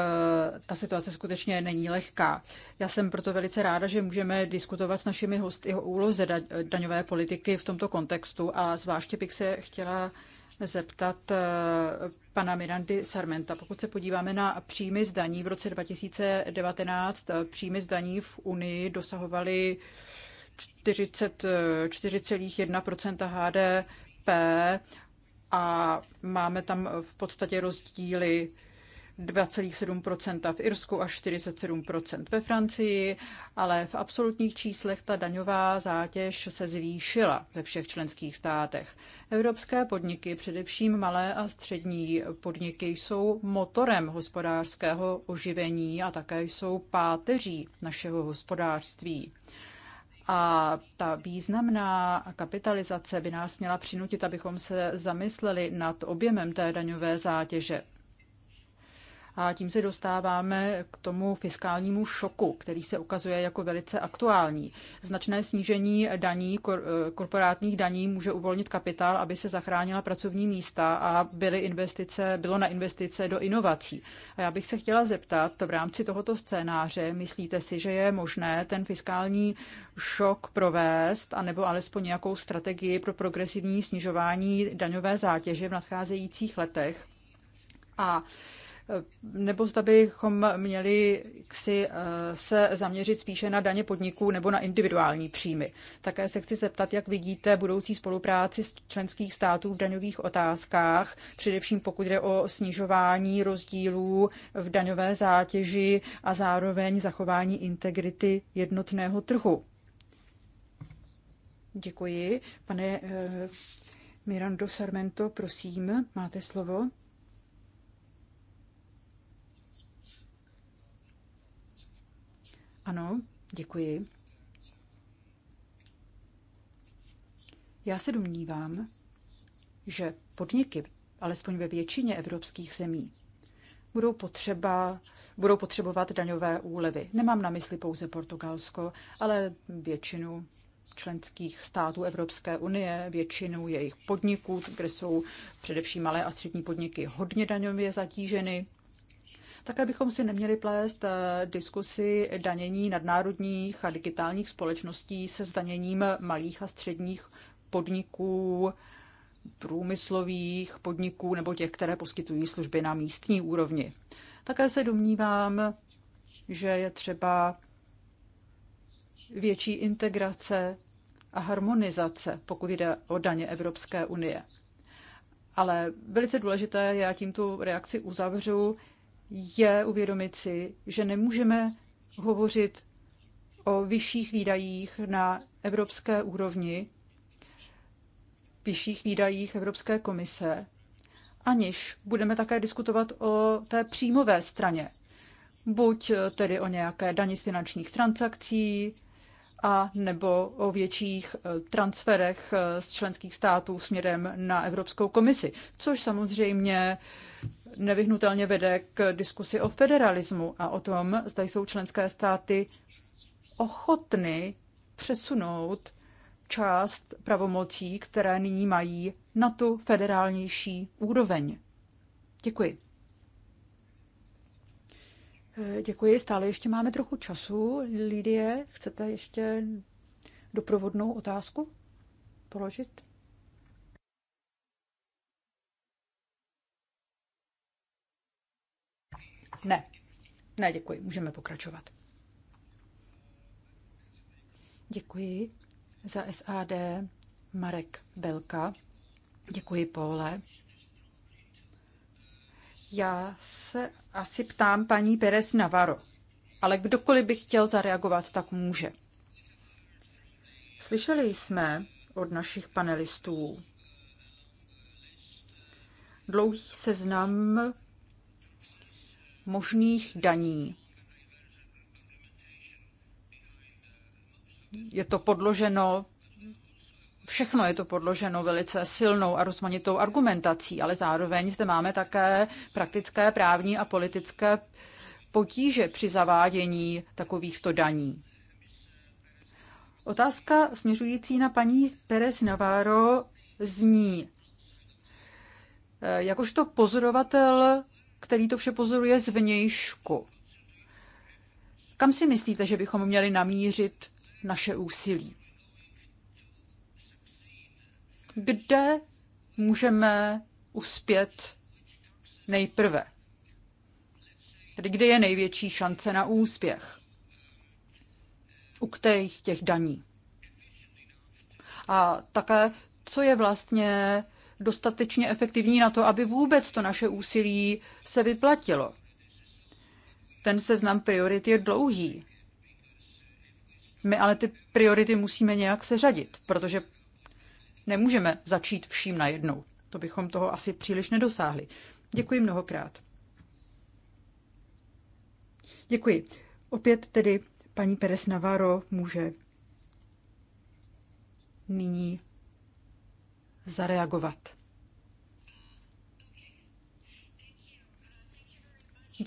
ta situace skutečně není lehká. Já jsem proto velice ráda, že můžeme diskutovat s našimi hosty o úloze daňové politiky v tomto kontextu a zvláště bych se chtěla zeptat eh, pana Mirandy Sarmenta. Pokud se podíváme na příjmy z daní v roce 2019, eh, příjmy z daní v Unii dosahovaly 44,1 HDP a máme tam v podstatě rozdíly 2,7 v Irsku a 47 ve Francii, ale v absolutních číslech ta daňová zátěž se zvýšila ve všech členských státech. Evropské podniky, především malé a střední podniky, jsou motorem hospodářského oživení a také jsou páteří našeho hospodářství. A ta významná kapitalizace by nás měla přinutit, abychom se zamysleli nad objemem té daňové zátěže. A tím se dostáváme k tomu fiskálnímu šoku, který se ukazuje jako velice aktuální. Značné snížení daní, korporátních daní může uvolnit kapitál, aby se zachránila pracovní místa a byly investice, bylo na investice do inovací. A já bych se chtěla zeptat, v rámci tohoto scénáře, myslíte si, že je možné ten fiskální šok provést, anebo alespoň nějakou strategii pro progresivní snižování daňové zátěže v nadcházejících letech? A nebo zda bychom měli si eh, se zaměřit spíše na daně podniků nebo na individuální příjmy. Také se chci zeptat, jak vidíte budoucí spolupráci s členských států v daňových otázkách, především pokud jde o snižování rozdílů v daňové zátěži a zároveň zachování integrity jednotného trhu. Děkuji. Pane eh, Mirando Sarmento, prosím, máte slovo. Ano, děkuji. Já se domnívám, že podniky, alespoň ve většině evropských zemí, budou, potřeba, budou potřebovat daňové úlevy. Nemám na mysli pouze Portugalsko, ale většinu členských států Evropské unie, většinu jejich podniků, kde jsou především malé a střední podniky hodně daňově zatíženy. Také bychom si neměli plést eh, diskusy danění nadnárodních a digitálních společností se zdaněním malých a středních podniků, průmyslových podniků nebo těch, které poskytují služby na místní úrovni. Také se domnívám, že je třeba větší integrace a harmonizace, pokud jde o daně Evropské unie. Ale velice důležité, já tímto reakci uzavřu, je uvědomit si, že nemůžeme hovořit o vyšších výdajích na evropské úrovni, vyšších výdajích Evropské komise, aniž budeme také diskutovat o té příjmové straně. Buď tedy o nějaké dani z finančních transakcí, a nebo o větších eh, transferech eh, z členských států směrem na Evropskou komisi, což samozřejmě nevyhnutelně vede k diskusi o federalismu a o tom, zda jsou členské státy ochotny přesunout část pravomocí, které nyní mají, na tu federálnější úroveň. Děkuji. Eh, děkuji, stále ještě máme trochu času. Lidie, chcete ještě doprovodnou otázku položit? Ne, ne, děkuji, můžeme pokračovat. Děkuji za SAD Marek Belka. Děkuji, Pole. Já se asi ptám paní Perez Navarro, ale kdokoliv by chtěl zareagovat, tak může. Slyšeli jsme od našich panelistů dlouhý seznam možných daní. Je to podloženo všechno je to podloženo velice silnou a rozmanitou argumentací, ale zároveň zde máme také praktické právní a politické potíže při zavádění takovýchto daní. Otázka směřující na paní Pérez Navarro zní, eh, jakožto pozorovatel, který to vše pozoruje zvnějšku, kam si myslíte, že bychom měli namířit naše úsilí? kde můžeme uspět nejprve. Tedy kde je největší šance na úspěch? U kterých těch daní? A také, co je vlastně dostatečně efektivní na to, aby vůbec to naše úsilí se vyplatilo. Ten seznam priorit je dlouhý. My ale ty priority musíme nějak seřadit, protože nemůžeme začít vším najednou. To bychom toho asi příliš nedosáhli. Děkuji mnohokrát. Děkuji. Opět tedy paní Perez Navarro může nyní zareagovat.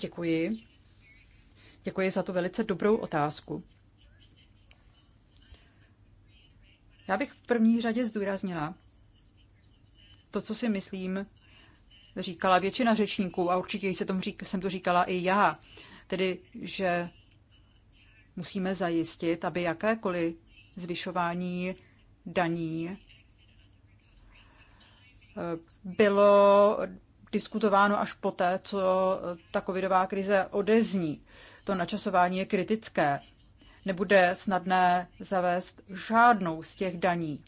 Děkuji. Děkuji za tu velice dobrou otázku. Já bych v první řadě zdůraznila to, co si myslím, říkala většina řečníků a určitě se řík, jsem to říkala i já, tedy, že musíme zajistit, aby jakékoliv zvyšování daní eh, bylo diskutováno až poté, co ta covidová krize odezní. To načasování je kritické nebude snadné zavést žádnou z těch daní.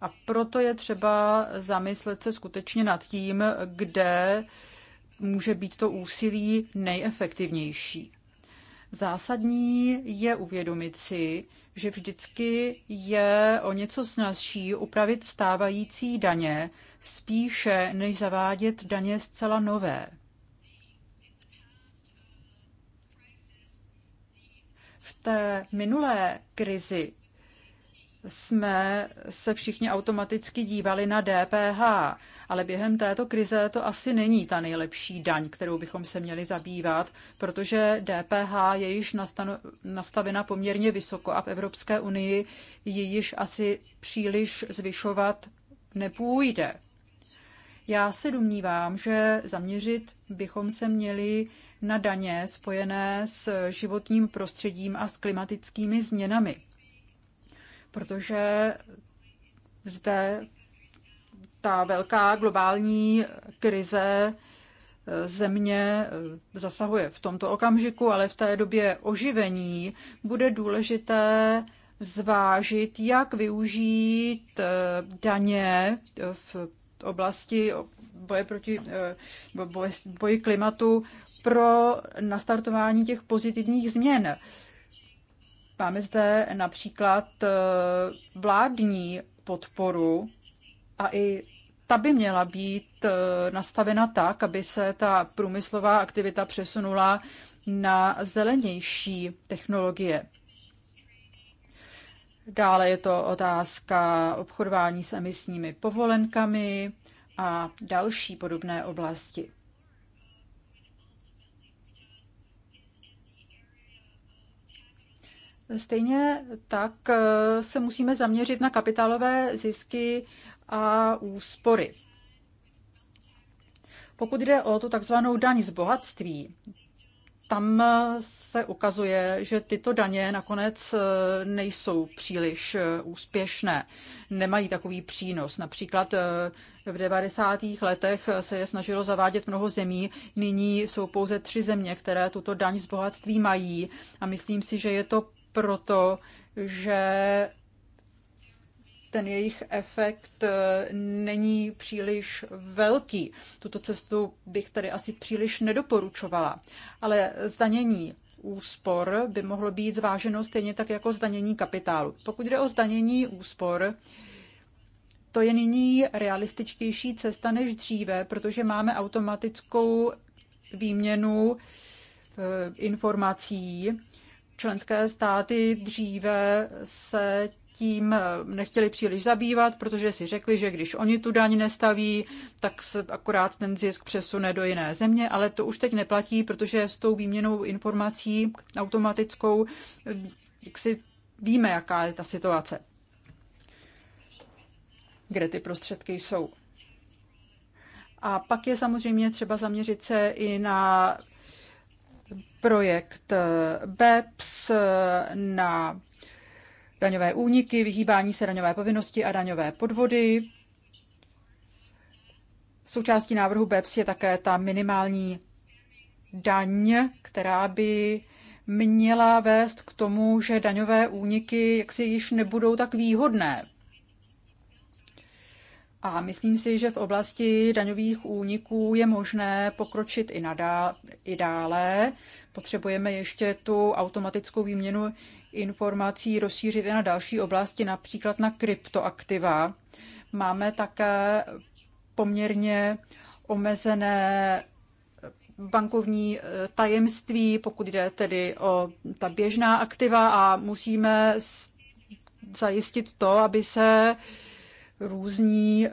A proto je třeba zamyslet se skutečně nad tím, kde může být to úsilí nejefektivnější. Zásadní je uvědomit si, že vždycky je o něco snazší upravit stávající daně spíše než zavádět daně zcela nové. V té minulé krizi jsme se všichni automaticky dívali na DPH, ale během této krize to asi není ta nejlepší daň, kterou bychom se měli zabývat, protože DPH je již nastavena poměrně vysoko a v Evropské unii ji již asi příliš zvyšovat nepůjde. Já se domnívám, že zaměřit bychom se měli na daně spojené s životním prostředím a s klimatickými změnami. Protože zde ta velká globální krize eh, země eh, zasahuje v tomto okamžiku, ale v té době oživení bude důležité zvážit, jak využít eh, daně v oblasti boje proti eh, boje, boji klimatu pro nastartování těch pozitivních změn. Máme zde například eh, vládní podporu a i ta by měla být eh, nastavena tak, aby se ta průmyslová aktivita přesunula na zelenější technologie. Dále je to otázka obchodování s emisními povolenkami, a další podobné oblasti. Stejně tak eh, se musíme zaměřit na kapitálové zisky a úspory. Pokud jde o tu takzvanou daň z bohatství, tam se ukazuje, že tyto daně nakonec e, nejsou příliš e, úspěšné, nemají takový přínos. Například e, v 90. letech se je snažilo zavádět mnoho zemí, nyní jsou pouze tři země, které tuto daň z bohatství mají a myslím si, že je to proto, že ten jejich efekt eh, není příliš velký. Tuto cestu bych tady asi příliš nedoporučovala. Ale zdanění úspor by mohlo být zváženo stejně tak jako zdanění kapitálu. Pokud jde o zdanění úspor, to je nyní realističtější cesta než dříve, protože máme automatickou výměnu eh, informací. Členské státy dříve se tím eh, nechtěli příliš zabývat, protože si řekli, že když oni tu daň nestaví, tak se akorát ten zisk přesune do jiné země, ale to už teď neplatí, protože s tou výměnou informací automatickou, eh, jak si víme, jaká je ta situace, kde ty prostředky jsou. A pak je samozřejmě třeba zaměřit se i na projekt eh, BEPS, na daňové úniky, vyhýbání se daňové povinnosti a daňové podvody. Součástí návrhu BEPS je také ta minimální daň, která by měla vést k tomu, že daňové úniky jaksi již nebudou tak výhodné a myslím si, že v oblasti daňových úniků je možné pokročit i, nadál, i dále. Potřebujeme ještě tu automatickou výměnu informací rozšířit i na další oblasti, například na kryptoaktiva. Máme také poměrně omezené bankovní eh, tajemství, pokud jde tedy o ta běžná aktiva a musíme zajistit to, aby se uh, různí eh,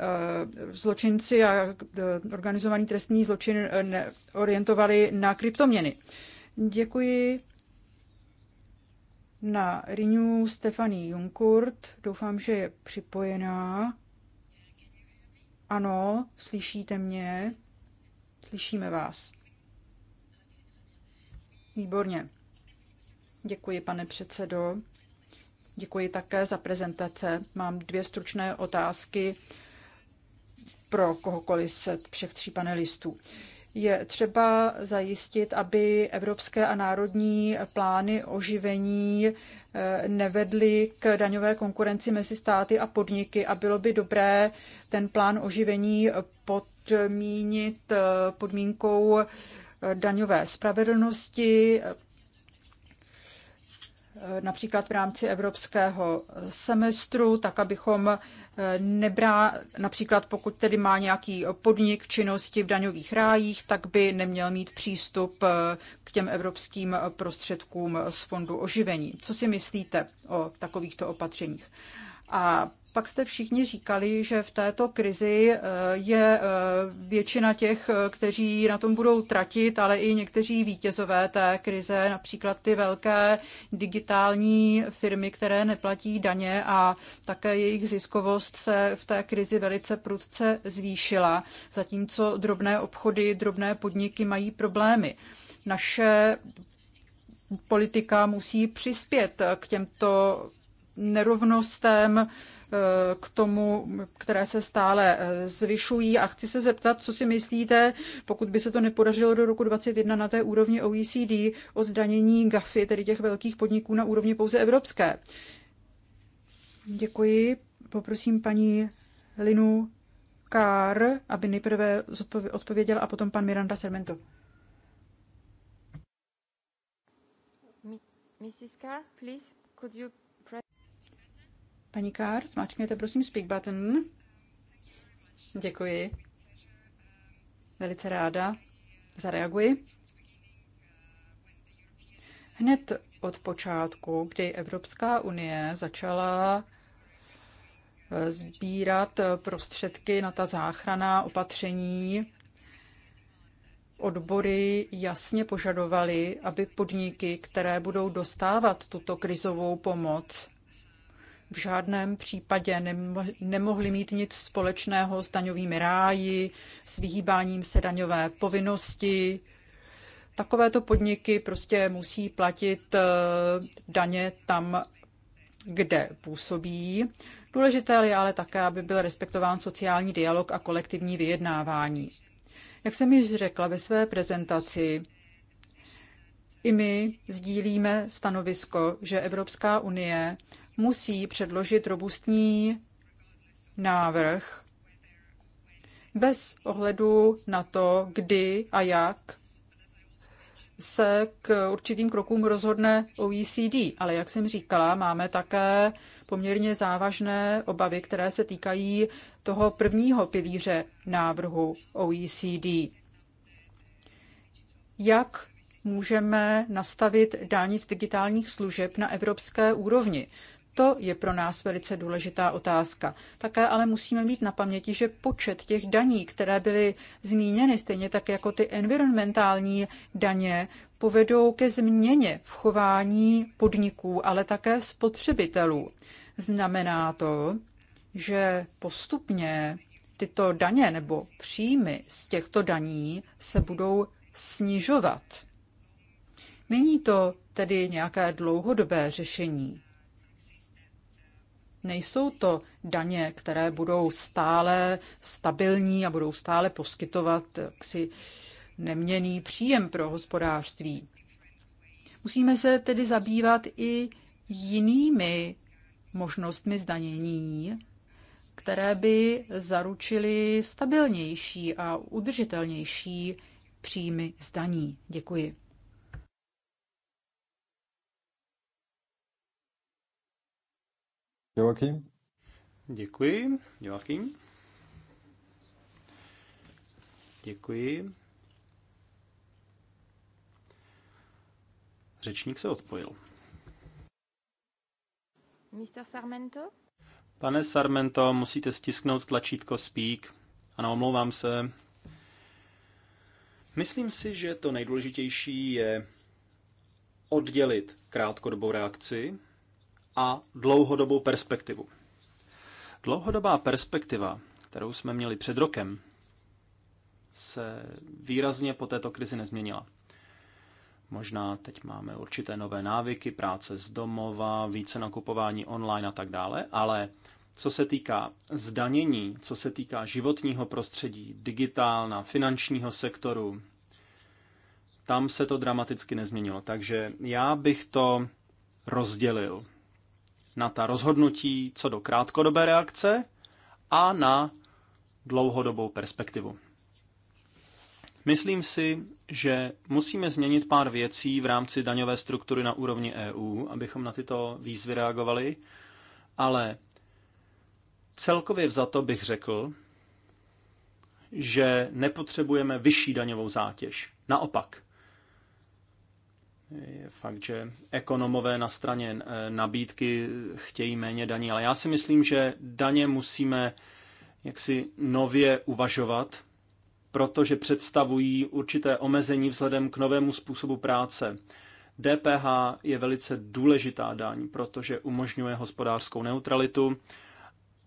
zločinci a eh, organizovaný trestní zločin eh, orientovali na kryptoměny. Děkuji na Rinu Stefaní Junkurt. Doufám, že je připojená. Ano, slyšíte mě. Slyšíme vás. Výborně. Děkuji, pane předsedo. Děkuji také za prezentace. Mám dvě stručné otázky pro kohokoliv z všech tří panelistů. Je třeba zajistit, aby evropské a národní plány oživení eh, nevedly k daňové konkurenci mezi státy a podniky a bylo by dobré ten plán oživení podmínit eh, podmínkou eh, daňové spravedlnosti, například v rámci evropského semestru, tak abychom eh, nebrá, například pokud tedy má nějaký podnik činnosti v daňových rájích, tak by neměl mít přístup eh, k těm evropským prostředkům z fondu oživení. Co si myslíte o takovýchto opatřeních? A pak jste všichni říkali, že v této krizi eh, je eh, většina těch, eh, kteří na tom budou tratit, ale i někteří vítězové té krize, například ty velké digitální firmy, které neplatí daně a také jejich ziskovost se v té krizi velice prudce zvýšila, zatímco drobné obchody, drobné podniky mají problémy. Naše politika musí přispět k těmto nerovnostem, k tomu, které se stále eh, zvyšují. A chci se zeptat, co si myslíte, pokud by se to nepodařilo do roku 2021 na té úrovni OECD o zdanění GAFI, tedy těch velkých podniků na úrovni pouze evropské. Děkuji. Poprosím paní Linu Kár, aby nejprve odpověděl a potom pan Miranda Sermento. Mrs. Carr, please, could you Paní Kár, zmáčkněte prosím speak button. Děkuji. Velice ráda zareaguji. Hned od počátku, kdy Evropská unie začala eh, sbírat prostředky na ta záchrana, opatření, odbory jasně požadovaly, aby podniky, které budou dostávat tuto krizovou pomoc, v žádném případě nemohly mít nic společného s daňovými ráji, s vyhýbáním se daňové povinnosti. Takovéto podniky prostě musí platit eh, daně tam, kde působí. Důležité je ale také, aby byl respektován sociální dialog a kolektivní vyjednávání. Jak jsem již řekla ve své prezentaci, i my sdílíme stanovisko, že Evropská unie musí předložit robustní návrh bez ohledu na to, kdy a jak se k určitým krokům rozhodne OECD. Ale jak jsem říkala, máme také poměrně závažné obavy, které se týkají toho prvního pilíře návrhu OECD. Jak můžeme nastavit daň digitálních služeb na evropské úrovni? To je pro nás velice důležitá otázka. Také ale musíme mít na paměti, že počet těch daní, které byly zmíněny, stejně tak jako ty environmentální daně, povedou ke změně v chování podniků, ale také spotřebitelů. Znamená to, že postupně tyto daně nebo příjmy z těchto daní se budou snižovat. Není to tedy nějaké dlouhodobé řešení. Nejsou to daně, které budou stále stabilní a budou stále poskytovat si neměný příjem pro hospodářství. Musíme se tedy zabývat i jinými možnostmi zdanění, které by zaručily stabilnější a udržitelnější příjmy zdaní. Děkuji. Joachim? Děkuji, Joachim. Děkuji. Řečník se odpojil. Mr. Sarmento? Pane Sarmento, musíte stisknout tlačítko Speak. Ano, omlouvám se. Myslím si, že to nejdůležitější je oddělit krátkodobou reakci a dlouhodobou perspektivu. Dlouhodobá perspektiva, kterou jsme měli před rokem, se výrazně po této krizi nezměnila. Možná teď máme určité nové návyky, práce z domova, více nakupování online a tak dále, ale co se týká zdanění, co se týká životního prostředí, digitálna, finančního sektoru, tam se to dramaticky nezměnilo. Takže já bych to rozdělil na ta rozhodnutí co do krátkodobé reakce a na dlouhodobou perspektivu. Myslím si, že musíme změnit pár věcí v rámci daňové struktury na úrovni EU, abychom na tyto výzvy reagovali, ale celkově to bych řekl, že nepotřebujeme vyšší daňovou zátěž. Naopak, je fakt, že ekonomové na straně eh, nabídky chtějí méně daní, ale já si myslím, že daně musíme jaksi nově uvažovat, protože představují určité omezení vzhledem k novému způsobu práce. DPH je velice důležitá daň, protože umožňuje hospodářskou neutralitu,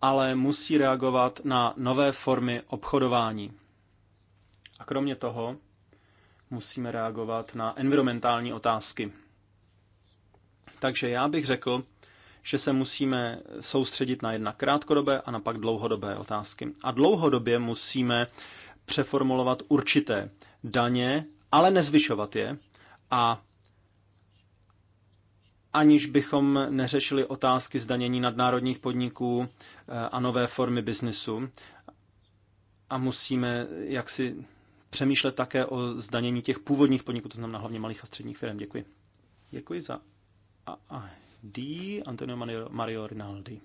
ale musí reagovat na nové formy obchodování. A kromě toho, musíme reagovat na environmentální otázky. Takže já bych řekl, že se musíme soustředit na jedna krátkodobé a na pak dlouhodobé otázky. A dlouhodobě musíme přeformulovat určité daně, ale nezvyšovat je a aniž bychom neřešili otázky zdanění nadnárodních podniků eh, a nové formy biznisu. A musíme jaksi přemýšlet také o zdanění těch původních podniků, to znamená hlavně malých a středních firm. Děkuji. Děkuji za ID Antonio Mario, Mario Rinaldi.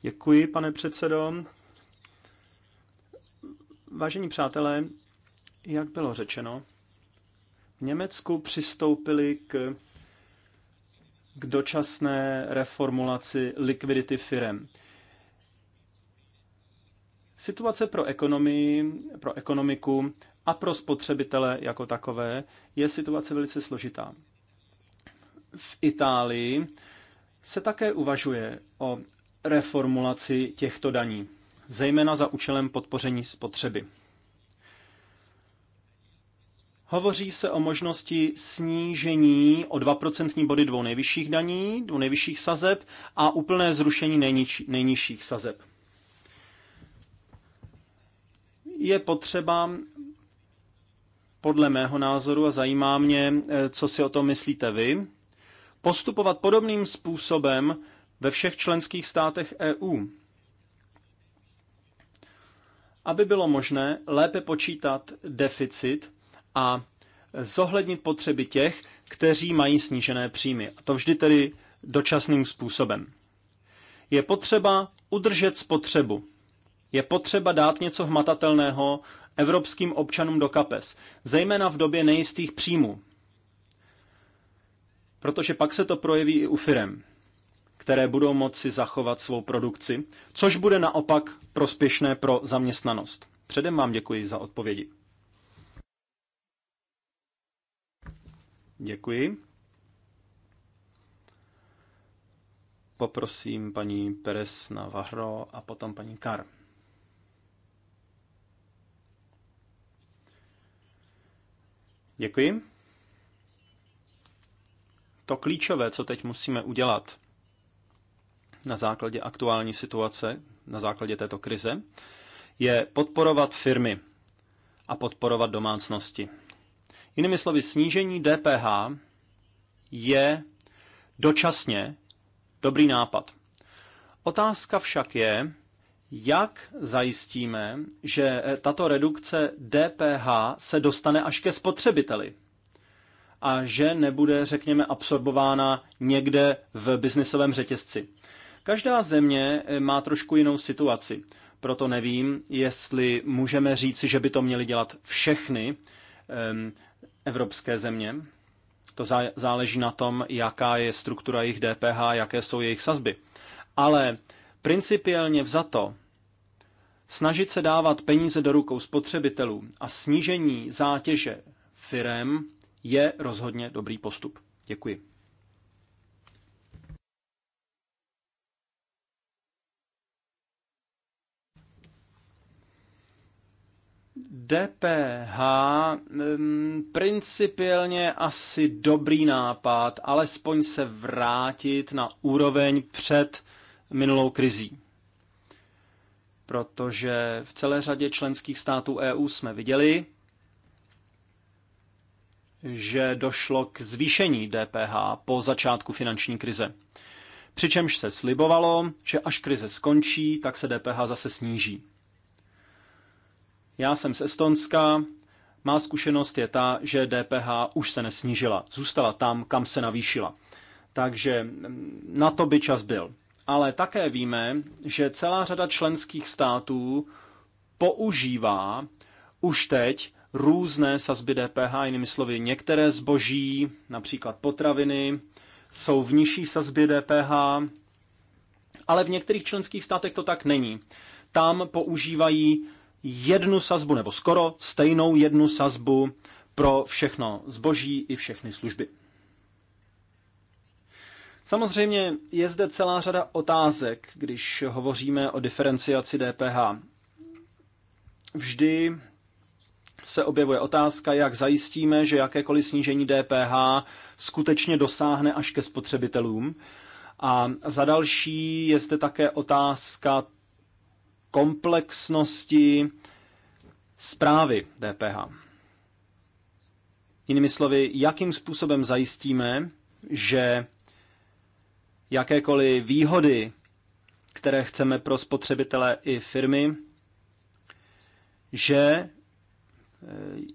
Děkuji, pane předsedo. Vážení přátelé, jak bylo řečeno, v Německu přistoupili k, k dočasné reformulaci likvidity firem. Situace pro ekonomii, pro ekonomiku a pro spotřebitele jako takové je situace velice složitá. V Itálii se také uvažuje o reformulaci těchto daní, zejména za účelem podpoření spotřeby. Hovoří se o možnosti snížení o 2% body dvou nejvyšších daní, dvou nejvyšších sazeb a úplné zrušení nejnižších sazeb. je potřeba podle mého názoru a zajímá mě, eh, co si o tom myslíte vy, postupovat podobným způsobem ve všech členských státech EU, aby bylo možné lépe počítat deficit a zohlednit potřeby těch, kteří mají snížené příjmy. A to vždy tedy dočasným způsobem. Je potřeba udržet spotřebu. Je potřeba dát něco hmatatelného evropským občanům do kapes, zejména v době nejistých příjmů. Protože pak se to projeví i u firem, které budou moci zachovat svou produkci, což bude naopak prospěšné pro zaměstnanost. Předem vám děkuji za odpovědi. Děkuji. Poprosím paní Perez Navarro a potom paní Kar. Děkuji. To klíčové, co teď musíme udělat na základě aktuální situace, na základě této krize, je podporovat firmy a podporovat domácnosti. Jinými slovy, snížení DPH je dočasně dobrý nápad. Otázka však je, jak zajistíme, že eh, tato redukce DPH se dostane až ke spotřebiteli a že nebude, řekněme, absorbována někde v biznisovém řetězci. Každá země eh, má trošku jinou situaci, proto nevím, jestli můžeme říci, že by to měly dělat všechny ehm, evropské země. To záleží na tom, jaká je struktura jejich DPH, jaké jsou jejich sazby. Ale principiálně vzato snažit se dávat peníze do rukou spotřebitelů a snížení zátěže firem je rozhodně dobrý postup. Děkuji. DPH mm, principiálně asi dobrý nápad, alespoň se vrátit na úroveň před minulou krizí protože v celé řadě členských států EU jsme viděli, že došlo k zvýšení DPH po začátku finanční krize. Přičemž se slibovalo, že až krize skončí, tak se DPH zase sníží. Já jsem z Estonska, má zkušenost je ta, že DPH už se nesnížila, zůstala tam, kam se navýšila. Takže mm, na to by čas byl ale také víme, že celá řada členských států používá už teď různé sazby DPH, jinými slovy, některé zboží, například potraviny, jsou v nižší sazbě DPH, ale v některých členských státech to tak není. Tam používají jednu sazbu, nebo skoro stejnou jednu sazbu pro všechno zboží i všechny služby. Samozřejmě je zde celá řada otázek, když hovoříme o diferenciaci DPH. Vždy se objevuje otázka, jak zajistíme, že jakékoliv snížení DPH skutečně dosáhne až ke spotřebitelům. A za další je zde také otázka komplexnosti zprávy DPH. Jinými slovy, jakým způsobem zajistíme, že jakékoliv výhody, které chceme pro spotřebitele i firmy, že eh,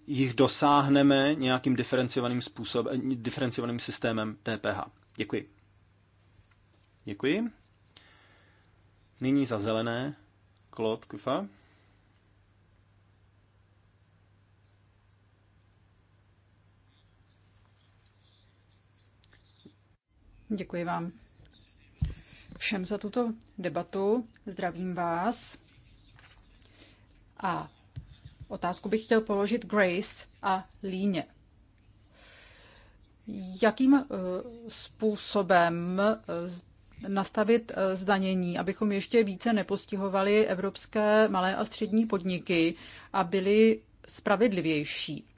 jich dosáhneme nějakým diferenciovaným způsobem, eh, diferenciovaným systémem DPH. Děkuji. Děkuji. Nyní za zelené Claude Kufa. Děkuji vám všem za tuto debatu. Zdravím vás. A otázku bych chtěl položit Grace a Líně. Jakým eh, způsobem eh, nastavit eh, zdanění, abychom ještě více nepostihovali evropské malé a střední podniky a byli spravedlivější?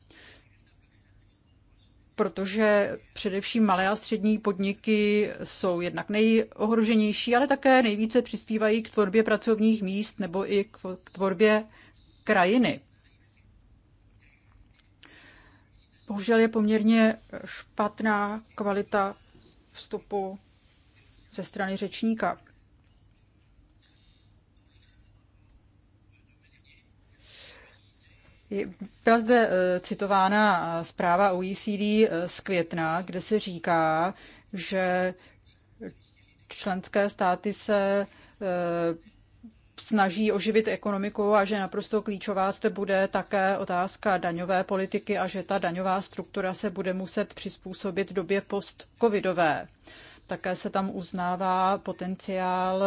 protože především malé a střední podniky jsou jednak nejohroženější, ale také nejvíce přispívají k tvorbě pracovních míst nebo i k tvorbě krajiny. Bohužel je poměrně špatná kvalita vstupu ze strany řečníka. Byla zde e, citována e, zpráva OECD e, z května, kde se říká, že členské státy se snaží oživit ekonomiku a že naprosto klíčová zde bude také otázka daňové politiky a že ta daňová struktura se bude muset přizpůsobit době post-covidové. Také se tam uznává potenciál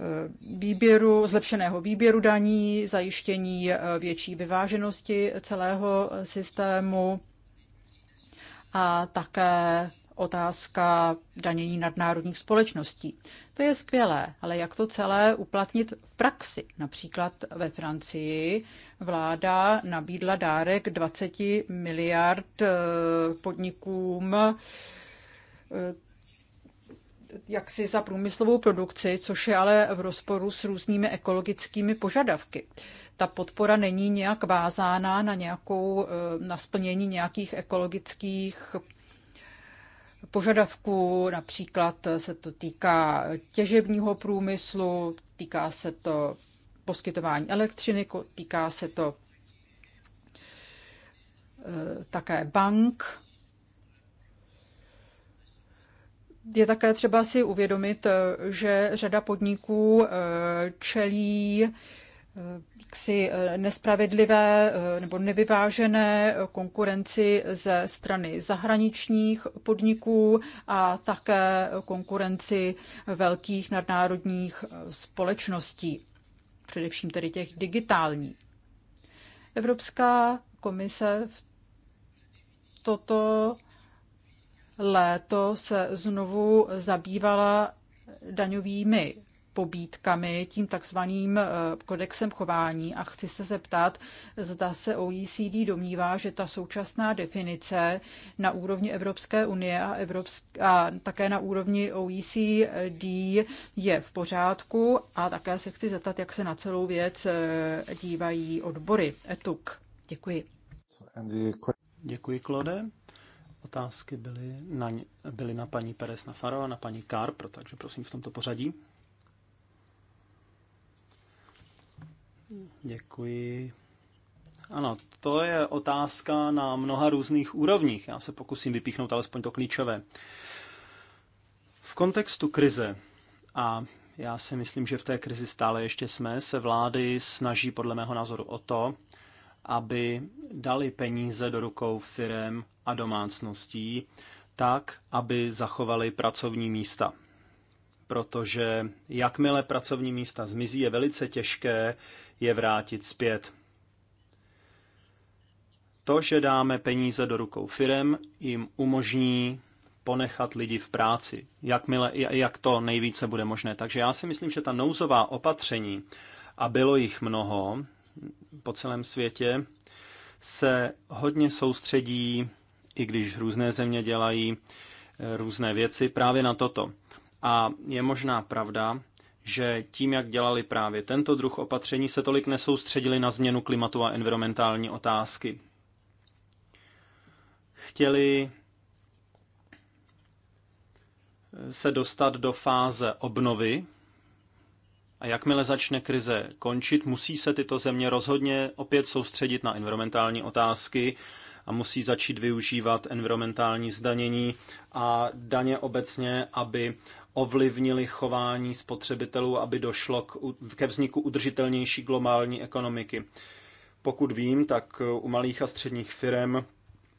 Eh, výběru, zlepšeného výběru daní, zajištění eh, větší vyváženosti celého systému a také otázka danění nadnárodních společností. To je skvělé, ale jak to celé uplatnit v praxi? Například ve Francii vláda nabídla dárek 20 miliard eh, podnikům jaksi za průmyslovou produkci, což je ale v rozporu s různými ekologickými požadavky. Ta podpora není nějak vázána na, nějakou, eh, na splnění nějakých ekologických požadavků, například se to týká těžebního průmyslu, týká se to poskytování elektřiny, týká se to eh, také bank, Je také třeba si uvědomit, eh, že řada podniků eh, čelí eh, si nespravedlivé nebo nevyvážené konkurenci ze strany zahraničních podniků a také konkurenci velkých nadnárodních společností, především tedy těch digitálních. Evropská komise v toto léto se znovu zabývala daňovými pobídkami, tím takzvaným eh, kodexem chování a chci se zeptat, zda se OECD domnívá, že ta současná definice na úrovni Evropské unie a, Evropsk- a také na úrovni OECD je v pořádku a také se chci zeptat, jak se na celou věc eh, dívají odbory ETUK. Děkuji. Děkuji, Klode. Otázky byly na, byly na paní Perez na Faro a na paní Karp, takže prosím v tomto pořadí. Děkuji. Ano, to je otázka na mnoha různých úrovních. Já se pokusím vypíchnout alespoň to klíčové. V kontextu krize, a já si myslím, že v té krizi stále ještě jsme, se vlády snaží podle mého názoru o to, aby dali peníze do rukou firem, a domácností tak, aby zachovali pracovní místa. Protože jakmile pracovní místa zmizí, je velice těžké je vrátit zpět. To, že dáme peníze do rukou firem, jim umožní ponechat lidi v práci, jakmile, jak to nejvíce bude možné. Takže já si myslím, že ta nouzová opatření, a bylo jich mnoho po celém světě, se hodně soustředí i když různé země dělají eh, různé věci, právě na toto. A je možná pravda, že tím, jak dělali právě tento druh opatření, se tolik nesoustředili na změnu klimatu a environmentální otázky. Chtěli eh, se dostat do fáze obnovy a jakmile začne krize končit, musí se tyto země rozhodně opět soustředit na environmentální otázky a musí začít využívat environmentální zdanění a daně obecně, aby ovlivnili chování spotřebitelů, aby došlo k, ke vzniku udržitelnější globální ekonomiky. Pokud vím, tak u malých a středních firm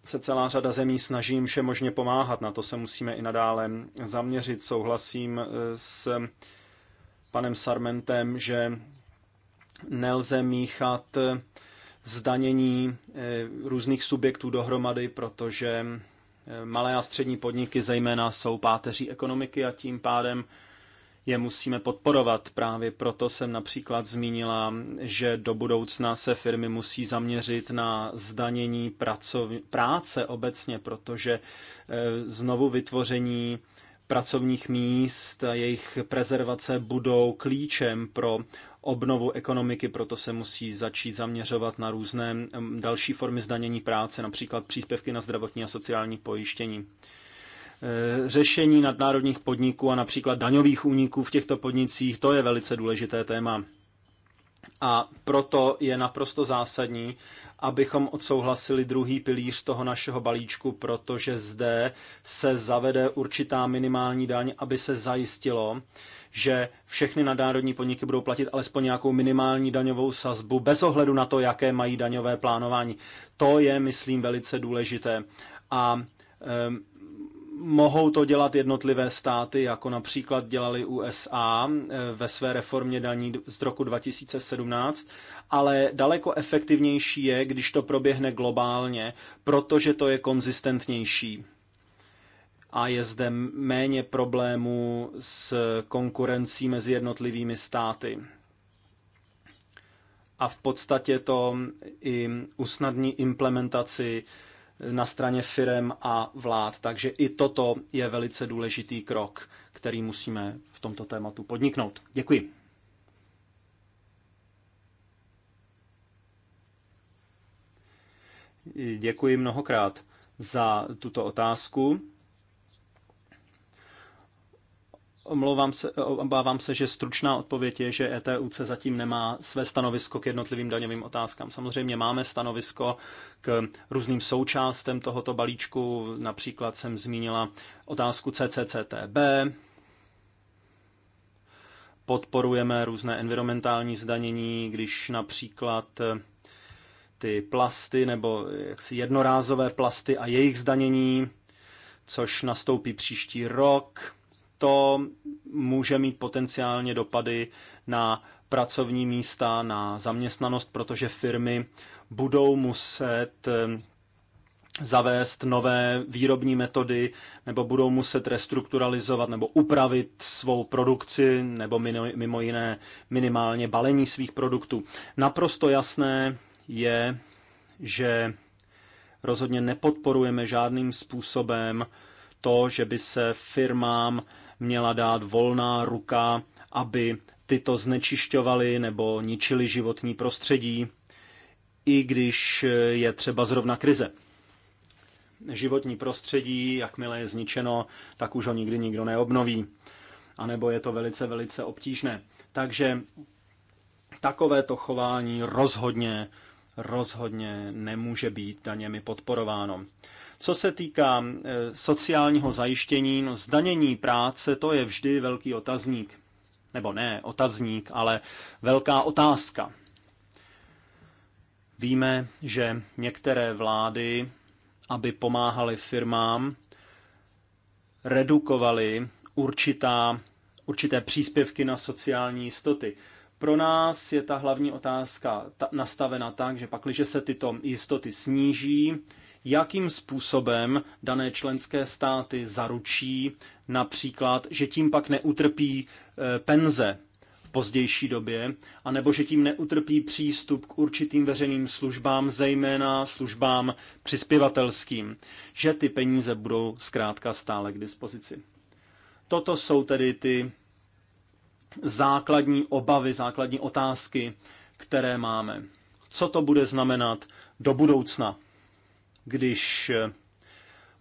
se celá řada zemí snaží vše možně pomáhat. Na to se musíme i nadále zaměřit. Souhlasím eh, s panem Sarmentem, že nelze míchat eh, zdanění eh, různých subjektů dohromady, protože eh, malé a střední podniky zejména jsou páteří ekonomiky a tím pádem je musíme podporovat. Právě proto jsem například zmínila, že do budoucna se firmy musí zaměřit na zdanění pracov... práce obecně, protože eh, znovu vytvoření pracovních míst a jejich prezervace budou klíčem pro obnovu ekonomiky, proto se musí začít zaměřovat na různé další formy zdanění práce, například příspěvky na zdravotní a sociální pojištění e, řešení nadnárodních podniků a například daňových úniků v těchto podnicích, to je velice důležité téma. A proto je naprosto zásadní, abychom odsouhlasili druhý pilíř toho našeho balíčku, protože zde se zavede určitá minimální daň, aby se zajistilo, že všechny nadnárodní podniky budou platit alespoň nějakou minimální daňovou sazbu bez ohledu na to, jaké mají daňové plánování. To je, myslím, velice důležité. A mohou to dělat jednotlivé státy, jako například dělali USA eh, ve své reformě daní z roku 2017, ale daleko efektivnější je, když to proběhne globálně, protože to je konzistentnější a je zde méně problémů s konkurencí mezi jednotlivými státy. A v podstatě to i usnadní implementaci na straně firem a vlád. Takže i toto je velice důležitý krok, který musíme v tomto tématu podniknout. Děkuji. Děkuji mnohokrát za tuto otázku. Omlouvám se, obávám se, že stručná odpověď je, že ETUC zatím nemá své stanovisko k jednotlivým daňovým otázkám. Samozřejmě máme stanovisko k různým součástem tohoto balíčku, například jsem zmínila otázku CCCTB, podporujeme různé environmentální zdanění, když například eh, ty plasty nebo jaksi jednorázové plasty a jejich zdanění, což nastoupí příští rok to může mít potenciálně dopady na pracovní místa, na zaměstnanost, protože firmy budou muset eh, zavést nové výrobní metody, nebo budou muset restrukturalizovat nebo upravit svou produkci, nebo mimo jiné minimálně balení svých produktů. Naprosto jasné je, že rozhodně nepodporujeme žádným způsobem to, že by se firmám měla dát volná ruka, aby tyto znečišťovaly nebo ničily životní prostředí, i když je třeba zrovna krize. Životní prostředí, jakmile je zničeno, tak už ho nikdy nikdo neobnoví. A nebo je to velice, velice obtížné. Takže takovéto chování rozhodně, rozhodně nemůže být daněmi podporováno. Co se týká eh, sociálního zajištění, no zdanění práce, to je vždy velký otazník. Nebo ne otazník, ale velká otázka. Víme, že některé vlády, aby pomáhaly firmám, redukovaly určitá, určité příspěvky na sociální jistoty. Pro nás je ta hlavní otázka ta, nastavena tak, že pakliže se tyto jistoty sníží, jakým způsobem dané členské státy zaručí například, že tím pak neutrpí e, penze v pozdější době, anebo že tím neutrpí přístup k určitým veřejným službám, zejména službám přispěvatelským, že ty peníze budou zkrátka stále k dispozici. Toto jsou tedy ty základní obavy, základní otázky, které máme. Co to bude znamenat do budoucna? když eh,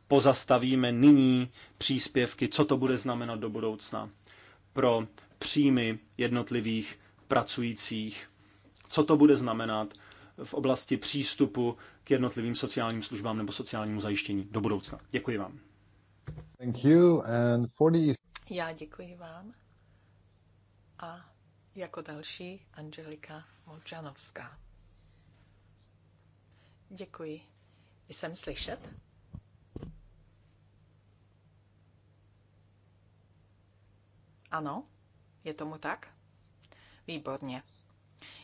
pozastavíme nyní příspěvky, co to bude znamenat do budoucna pro příjmy jednotlivých pracujících, co to bude znamenat v oblasti přístupu k jednotlivým sociálním službám nebo sociálnímu zajištění do budoucna. Děkuji vám. Thank you and for the... Já děkuji vám. A jako další Angelika Močanovská. Děkuji. Jsem slyšet? Ano, je tomu tak? Výborně.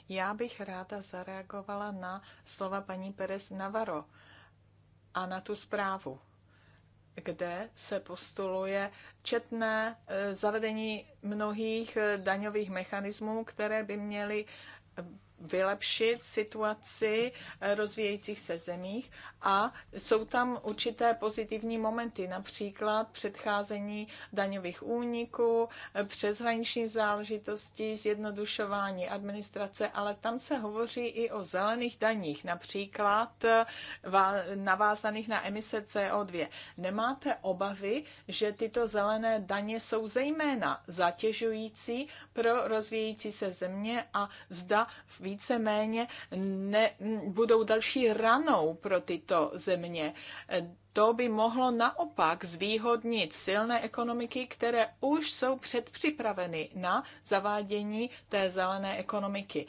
Já bych ráda zareagovala na slova paní Perez Navarro a na tu zprávu, kde se postuluje četné eh, zavedení mnohých eh, daňových mechanismů, které by měly eh, vylepšit situaci eh, rozvíjejících se zemích a jsou tam určité pozitivní momenty, například předcházení daňových úniků, eh, přeshraniční záležitosti, zjednodušování administrace, ale tam se hovoří i o zelených daních, například eh, navázaných na emise CO2. Nemáte obavy, že tyto zelené daně jsou zejména zatěžující pro rozvíjející se země a zda v víceméně ne, budou další ranou pro tyto země. To by mohlo naopak zvýhodnit silné ekonomiky, které už jsou předpřipraveny na zavádění té zelené ekonomiky.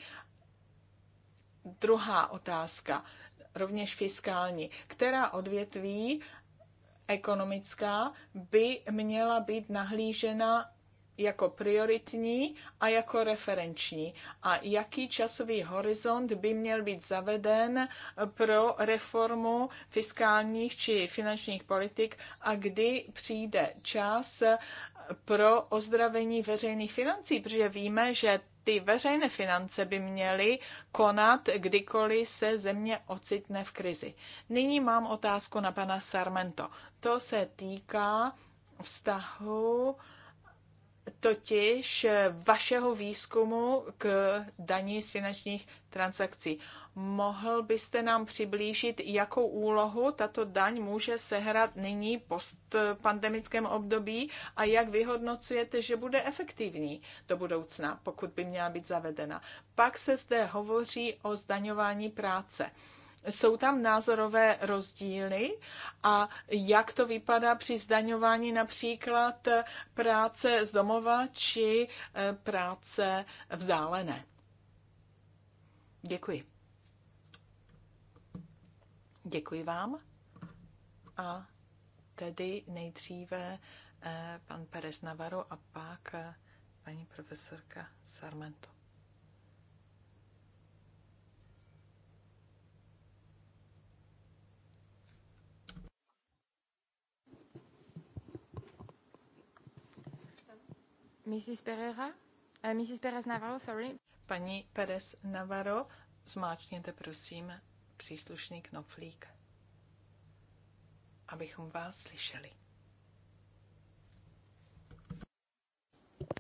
Druhá otázka, rovněž fiskální. Která odvětví ekonomická by měla být nahlížena jako prioritní a jako referenční. A jaký časový horizont by měl být zaveden pro reformu fiskálních či finančních politik a kdy přijde čas pro ozdravení veřejných financí, protože víme, že ty veřejné finance by měly konat, kdykoliv se země ocitne v krizi. Nyní mám otázku na pana Sarmento. To se týká vztahu totiž eh, vašeho výzkumu k daní z finančních transakcí. Mohl byste nám přiblížit, jakou úlohu tato daň může sehrát nyní postpandemickém období a jak vyhodnocujete, že bude efektivní do budoucna, pokud by měla být zavedena. Pak se zde hovoří o zdaňování práce. Jsou tam názorové rozdíly a jak to vypadá při zdaňování například práce z domova či e, práce vzdálené. Děkuji. Děkuji vám. A tedy nejdříve e, pan Perez Navarro a pak e, paní profesorka Sarmento. Mrs. Pereira, uh, eh, Mrs. Perez Navarro, sorry. Paní Perez Navarro, zmáčkněte prosím příslušný knoflík, abychom vás slyšeli.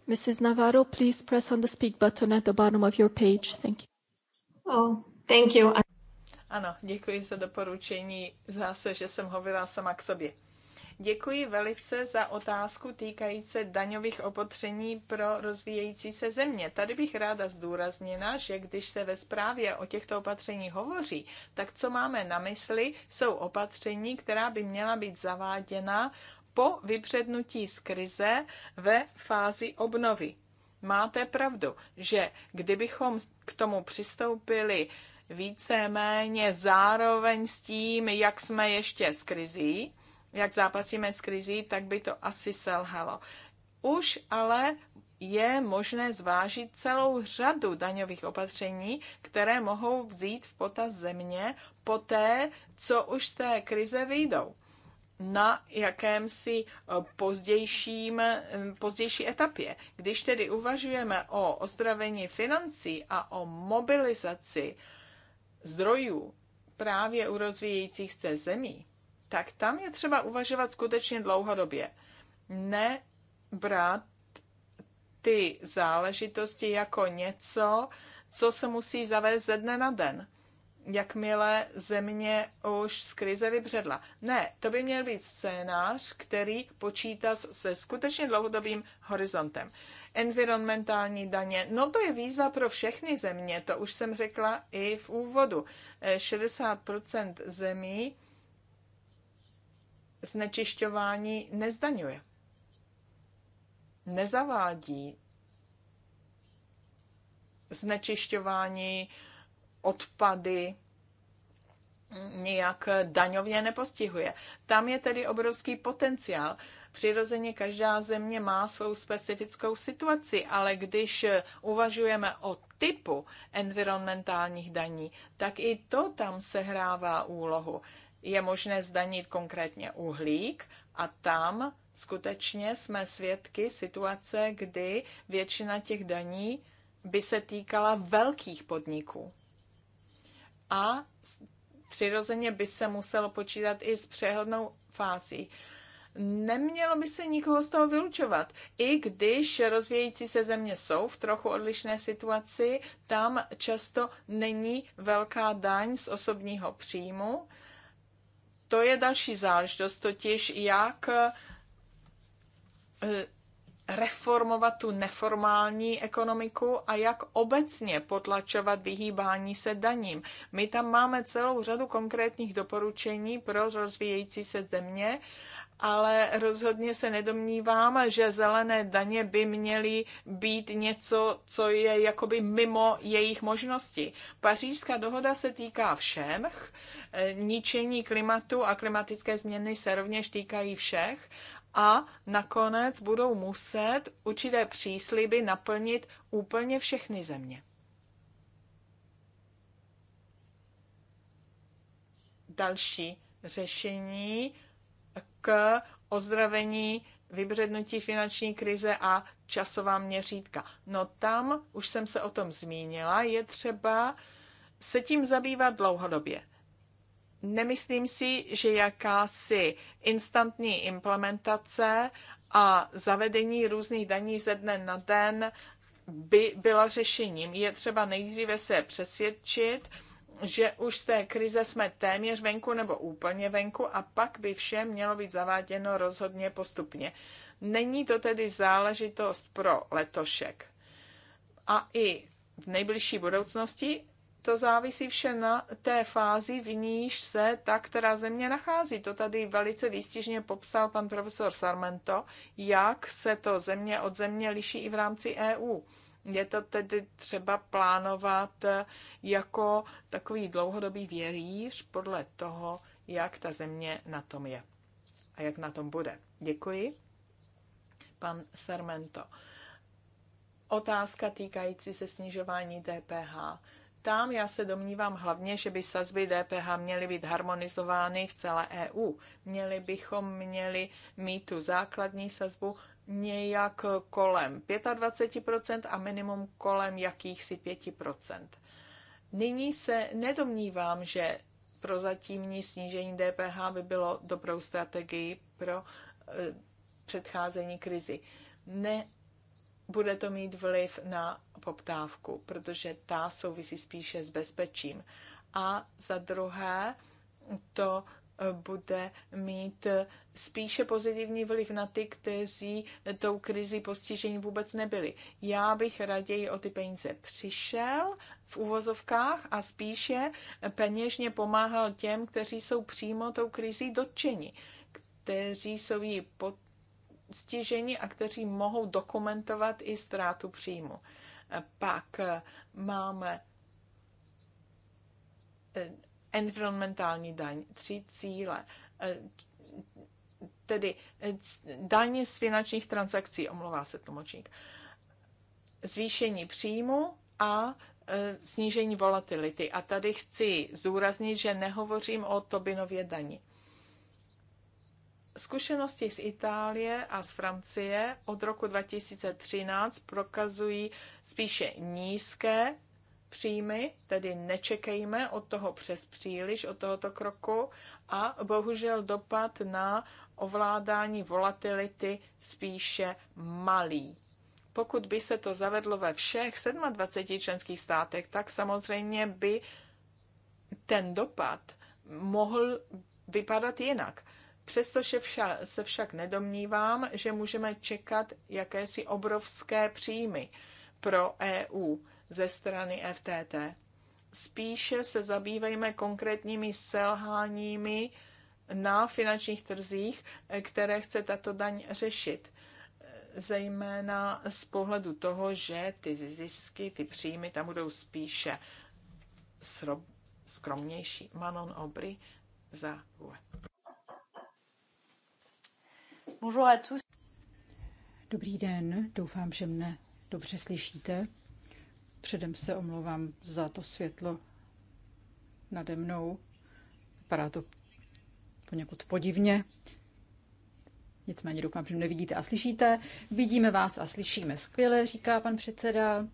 Mrs. Navarro, please press on the speak button at the bottom of your page. Thank you. Oh, thank you. Ano, děkuji za doporučení. Zase, že jsem hovila sama k sobě. Děkuji velice za otázku týkající daňových opatření pro rozvíjející se země. Tady bych ráda zdůraznila, že když se ve zprávě o těchto opatřeních hovoří, tak co máme na mysli, jsou opatření, která by měla být zaváděna po vypřednutí z krize ve fázi obnovy. Máte pravdu, že kdybychom k tomu přistoupili víceméně zároveň s tím, jak jsme ještě z krizí, jak zápasíme s krizí, tak by to asi selhalo. Už ale je možné zvážit celou řadu daňových opatření, které mohou vzít v potaz země po té, co už z té krize vyjdou na jakémsi eh, pozdějším, eh, pozdější etapě. Když tedy uvažujeme o ozdravení financí a o mobilizaci zdrojů právě u rozvíjejících se zemí, tak tam je třeba uvažovat skutečně dlouhodobě. Ne ty záležitosti jako něco, co se musí zavést ze dne na den, jakmile země už z krize vybředla. Ne, to by měl být scénář, který počítá se skutečně dlouhodobým horizontem. Environmentální daně, no to je výzva pro všechny země, to už jsem řekla i v úvodu. 60% eh, zemí znečišťování nezdaňuje. Nezavádí znečišťování odpady nějak daňově nepostihuje. Tam je tedy obrovský potenciál. Přirozeně každá země má svou specifickou situaci, ale když uvažujeme o typu environmentálních daní, tak i to tam sehrává úlohu je možné zdanit konkrétně uhlík a tam skutečně jsme svědky situace, kdy většina těch daní by se týkala velkých podniků. A přirozeně by se muselo počítat i s přehodnou fází. Nemělo by se nikoho z toho vylučovat. I když rozvějící se země jsou v trochu odlišné situaci, tam často není velká daň z osobního příjmu, to je další záležitost, totiž jak eh, reformovat tu neformální ekonomiku a jak obecně potlačovat vyhýbání se daním. My tam máme celou řadu konkrétních doporučení pro rozvíjející se země, ale rozhodně se nedomnívám, že zelené daně by měly být něco, co je jakoby mimo jejich možnosti. Pařížská dohoda se týká všech, ničení klimatu a klimatické změny se rovněž týkají všech a nakonec budou muset určité přísliby naplnit úplně všechny země. Další řešení k ozdravení, vybřednutí finanční krize a časová měřítka. No tam, už jsem se o tom zmínila, je třeba se tím zabývat dlouhodobě. Nemyslím si, že jakási instantní implementace a zavedení různých daní ze dne na den by byla řešením. Je třeba nejdříve se přesvědčit, že už z té krize jsme téměř venku nebo úplně venku a pak by vše mělo být zaváděno rozhodně postupně. Není to tedy záležitost pro letošek. A i v nejbližší budoucnosti to závisí vše na té fázi, v níž se ta, která země nachází. To tady velice výstižně popsal pan profesor Sarmento, jak se to země od země liší i v rámci EU. Je to tedy třeba plánovat eh, jako takový dlouhodobý věříš podle toho, jak ta země na tom je a jak na tom bude. Děkuji. Pan Sermento. Otázka týkající se snižování DPH. Tam já se domnívám hlavně, že by sazby DPH měly být harmonizovány v celé EU. Měli bychom měli mít tu základní sazbu nějak kolem 25% a minimum kolem jakýchsi 5%. Nyní se nedomnívám, že prozatímní snížení DPH by bylo dobrou strategií pro e, předcházení krizi. Nebude to mít vliv na poptávku, protože ta souvisí spíše s bezpečím. A za druhé, to bude mít spíše pozitivní vliv na ty, kteří tou krizi postižení vůbec nebyli. Já bych raději o ty peníze přišel v uvozovkách a spíše peněžně pomáhal těm, kteří jsou přímo tou krizi dotčeni, kteří jsou ji postiženi a kteří mohou dokumentovat i ztrátu příjmu. Pak máme environmentální daň, tři cíle, e, tedy e, daň z finančních transakcí, omlouvá se tlumočník, zvýšení příjmu a e, snížení volatility. A tady chci zdůraznit, že nehovořím o Tobinově dani. Zkušenosti z Itálie a z Francie od roku 2013 prokazují spíše nízké příjmy, tedy nečekejme od toho přes příliš, od tohoto kroku a bohužel dopad na ovládání volatility spíše malý. Pokud by se to zavedlo ve všech 27 členských státech, tak samozřejmě by ten dopad mohl vypadat jinak. Přesto se však nedomnívám, že můžeme čekat jakési obrovské příjmy pro EU ze strany FTT. Spíše se zabývejme konkrétními selháními na finančních trzích, které chce tato daň řešit. Zejména z pohledu toho, že ty zisky, ty příjmy tam budou spíše skromnější. Manon Obry za UE. Bonjour à tous. Dobrý den, doufám, že mne dobře slyšíte. Předem se omlouvám za to světlo nade mnou. Vypadá to poněkud podivně. Nicméně doufám, že mě vidíte a slyšíte. Vidíme vás a slyšíme skvěle, říká pan předseda.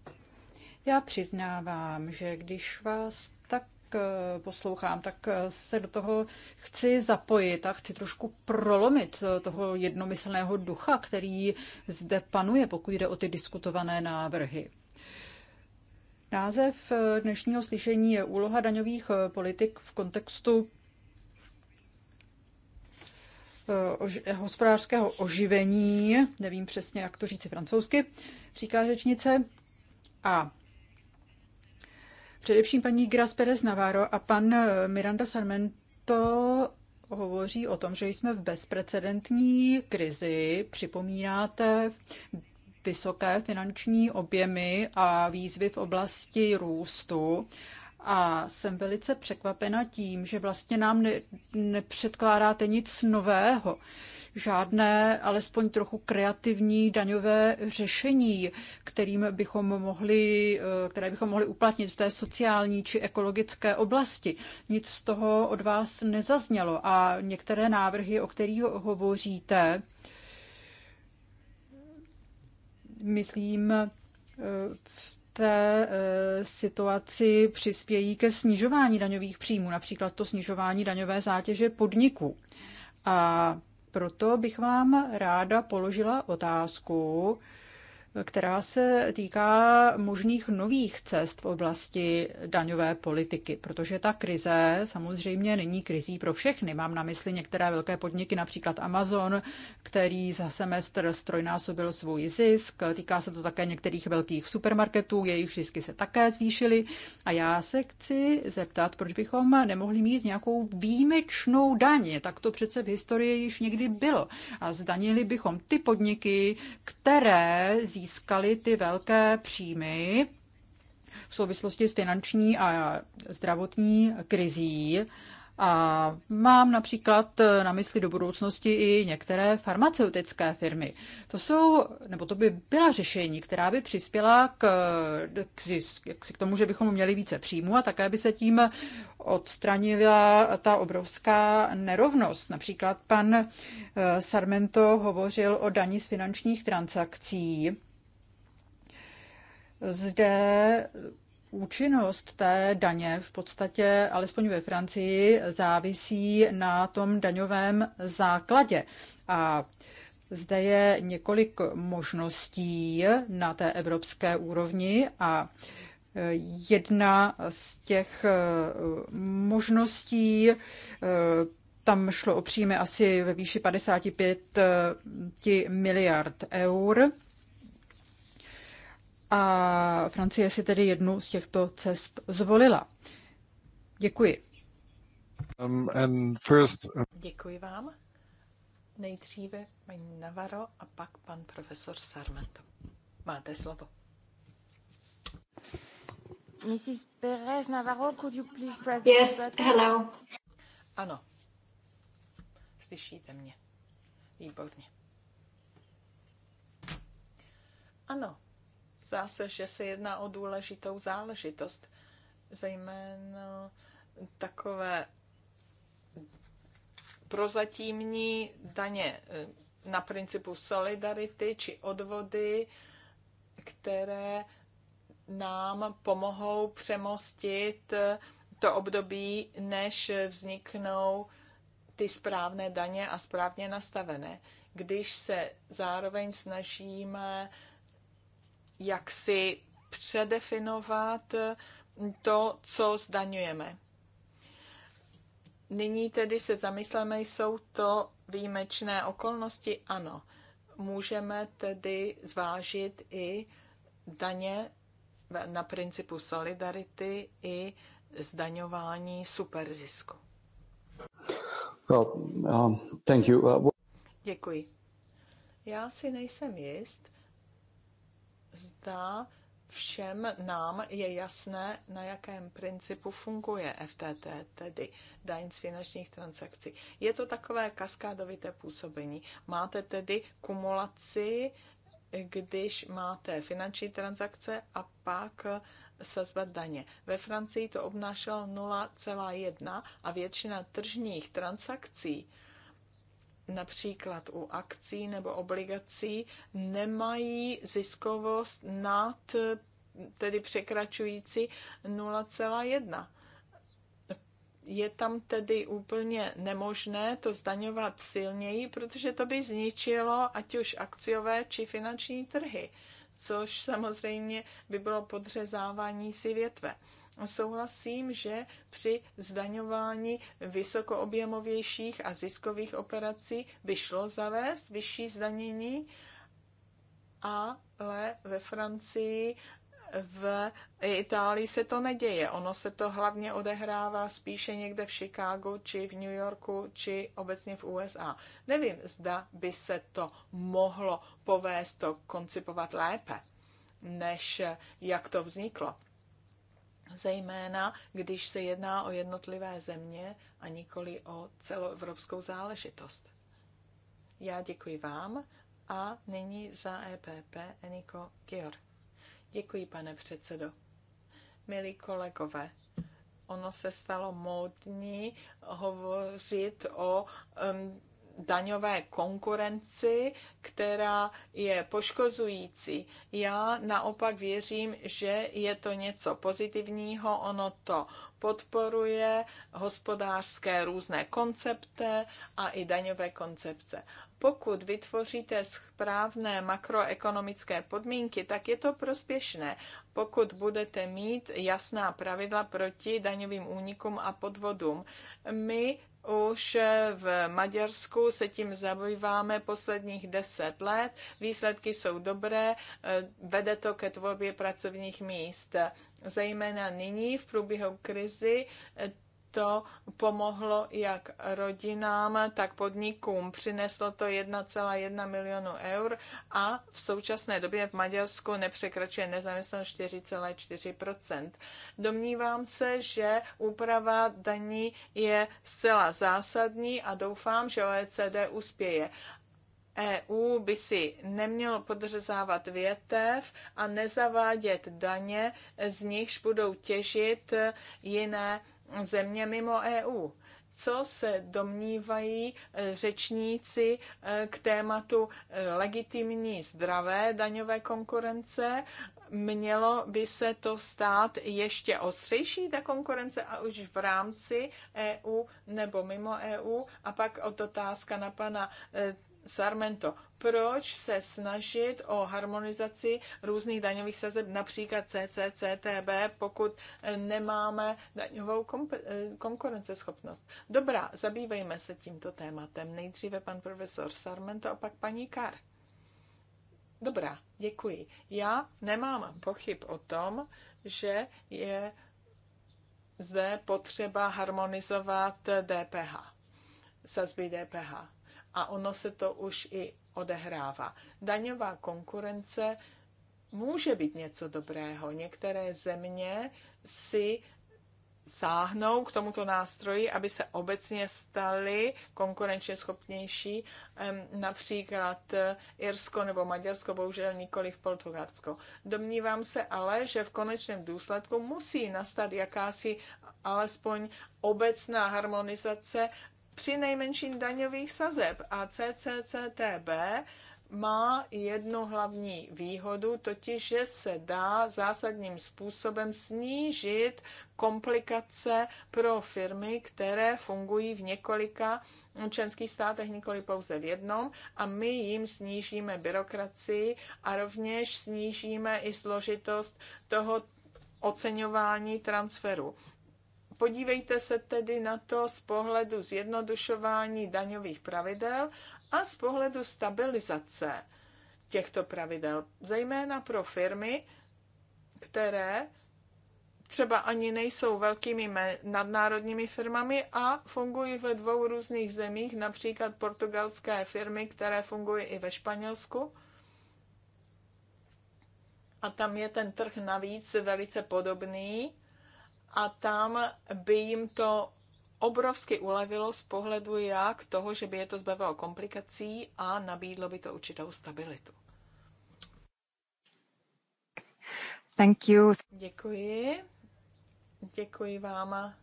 Já přiznávám, že když vás tak eh, poslouchám, tak eh, se do toho chci zapojit a chci trošku prolomit eh, toho jednomyslného ducha, který zde panuje, pokud jde o ty diskutované návrhy. Název eh, dnešního slyšení je úloha daňových eh, politik v kontextu eh, hospodářského oživení, nevím přesně, jak to říci francouzsky, říká řečnice. A především paní Gras Perez Navarro a pan Miranda Sarmento hovoří o tom, že jsme v bezprecedentní krizi. Připomínáte vysoké finanční objemy a výzvy v oblasti růstu. A jsem velice překvapena tím, že vlastně nám ne, nepředkládáte nic nového, žádné alespoň trochu kreativní daňové řešení, kterým bychom mohli, eh, které bychom mohli uplatnit v té sociální či ekologické oblasti. Nic z toho od vás nezaznělo a některé návrhy, o kterých hovoříte, myslím, eh, v té eh, situaci přispějí ke snižování daňových příjmů, například to snižování daňové zátěže podniků. A proto bych vám ráda položila otázku, která se týká možných nových cest v oblasti daňové politiky, protože ta krize samozřejmě není krizí pro všechny. Mám na mysli některé velké podniky, například Amazon, který za semestr strojnásobil svůj zisk. Týká se to také některých velkých supermarketů, jejich zisky se také zvýšily. A já se chci zeptat, proč bychom nemohli mít nějakou výjimečnou daň. Tak to přece v historii již někdy bylo. A zdanili bychom ty podniky, které získají získali ty velké příjmy v souvislosti s finanční a zdravotní krizí. A mám například na mysli do budoucnosti i některé farmaceutické firmy. To jsou, nebo to by byla řešení, která by přispěla k, k, k, k tomu, že bychom měli více příjmu a také by se tím odstranila ta obrovská nerovnost. Například pan eh, Sarmento hovořil o daní z finančních transakcí zde Účinnost té daně v podstatě, alespoň ve Francii, závisí na tom daňovém základě. A zde je několik možností na té evropské úrovni a eh, jedna z těch eh, možností eh, tam šlo o příjmy asi ve výši 55 miliard eur a Francie si tedy jednu z těchto cest zvolila. Děkuji. Um, and first, um... Děkuji vám. Nejdříve paní Navarro a pak pan profesor Sarmento. Máte slovo. Mrs. Perez Navarro, could you please press yes, button? hello. Ano. Slyšíte mě. Výborně. Ano, Zdá se, že se jedná o důležitou záležitost, zejména takové prozatímní daně eh, na principu solidarity či odvody, které nám pomohou přemostit eh, to období, než vzniknou ty správné daně a správně nastavené. Když se zároveň snažíme jak si předefinovat to, co zdaňujeme. Nyní tedy se zamysleme, jsou to výjimečné okolnosti? Ano. Můžeme tedy zvážit i daně na principu solidarity i zdaňování superzisku. Well, um, thank you. Uh, Děkuji. Já si nejsem jist, zda všem nám je jasné, na jakém principu funguje FTT, tedy daň z finančních transakcí. Je to takové kaskádovité působení. Máte tedy kumulaci, když máte finanční transakce a pak sazba daně. Ve Francii to obnášelo 0,1 a většina tržních transakcí například u akcí nebo obligací nemají ziskovost nad tedy překračující 0,1. Je tam tedy úplně nemožné to zdaňovat silněji, protože to by zničilo ať už akciové či finanční trhy, což samozřejmě by bylo podřezávání si větve souhlasím, že při zdaňování vysokoobjemovějších a ziskových operací by šlo zavést vyšší zdanění, ale ve Francii v Itálii se to neděje. Ono se to hlavně odehrává spíše někde v Chicagu, či v New Yorku, či obecně v USA. Nevím, zda by se to mohlo povést to koncipovat lépe, než jak to vzniklo zejména když se jedná o jednotlivé země a nikoli o celoevropskou záležitost. Já děkuji vám a nyní za EPP Eniko Kior. Děkuji, pane předsedo. Milí kolegové, ono se stalo módní hovořit o um, daňové konkurenci, která je poškozující. Já naopak věřím, že je to něco pozitivního, ono to podporuje hospodářské různé koncepty a i daňové koncepce pokud vytvoříte správné makroekonomické podmínky, tak je to prospěšné. Pokud budete mít jasná pravidla proti daňovým únikům a podvodům, my už v Maďarsku se tím zabýváme posledních deset let. Výsledky jsou dobré, vede to ke tvorbě pracovních míst. Zejména nyní v průběhu krizi to pomohlo jak rodinám, tak podnikům. Přineslo to 1,1 milionu eur a v současné době v Maďarsku nepřekračuje nezaměstnanost 4,4 Domnívám se, že úprava daní je zcela zásadní a doufám, že OECD uspěje. EU by si nemělo podřezávat větev a nezavádět daně, z nichž budou těžit jiné země mimo EU. Co se domnívají e, řečníci e, k tématu e, legitimní zdravé daňové konkurence? Mělo by se to stát ještě ostřejší, ta konkurence, a už v rámci EU nebo mimo EU? A pak od otázka na pana Sarmento, proč se snažit o harmonizaci různých daňových sazeb, například CCCTB, pokud eh, nemáme daňovou eh, konkurenceschopnost? Dobrá, zabývejme se tímto tématem. Nejdříve pan profesor Sarmento a pak paní Kar. Dobrá, děkuji. Já nemám pochyb o tom, že je zde potřeba harmonizovat DPH, sazby DPH a ono se to už i odehrává. Daňová konkurence může být něco dobrého. Některé země si sáhnou k tomuto nástroji, aby se obecně staly konkurenčně schopnější, například eh, Irsko nebo Maďarsko, bohužel nikoli v Portugalsko. Domnívám se ale, že v konečném důsledku musí nastat jakási alespoň obecná harmonizace při nejmenším daňových sazeb. A CCCTB má jednu hlavní výhodu, totiž, že se dá zásadním způsobem snížit komplikace pro firmy, které fungují v několika členských státech, nikoli pouze v jednom, a my jim snížíme byrokracii a rovněž snížíme i složitost toho oceňování transferu. Podívejte se tedy na to z pohledu zjednodušování daňových pravidel a z pohledu stabilizace těchto pravidel, zejména pro firmy, které třeba ani nejsou velkými nadnárodními firmami a fungují ve dvou různých zemích, například portugalské firmy, které fungují i ve Španělsku. A tam je ten trh navíc velice podobný a tam by jim to obrovsky ulevilo z pohledu jak toho, že by je to zbavilo komplikací a nabídlo by to určitou stabilitu. Thank you. Děkuji. Děkuji vám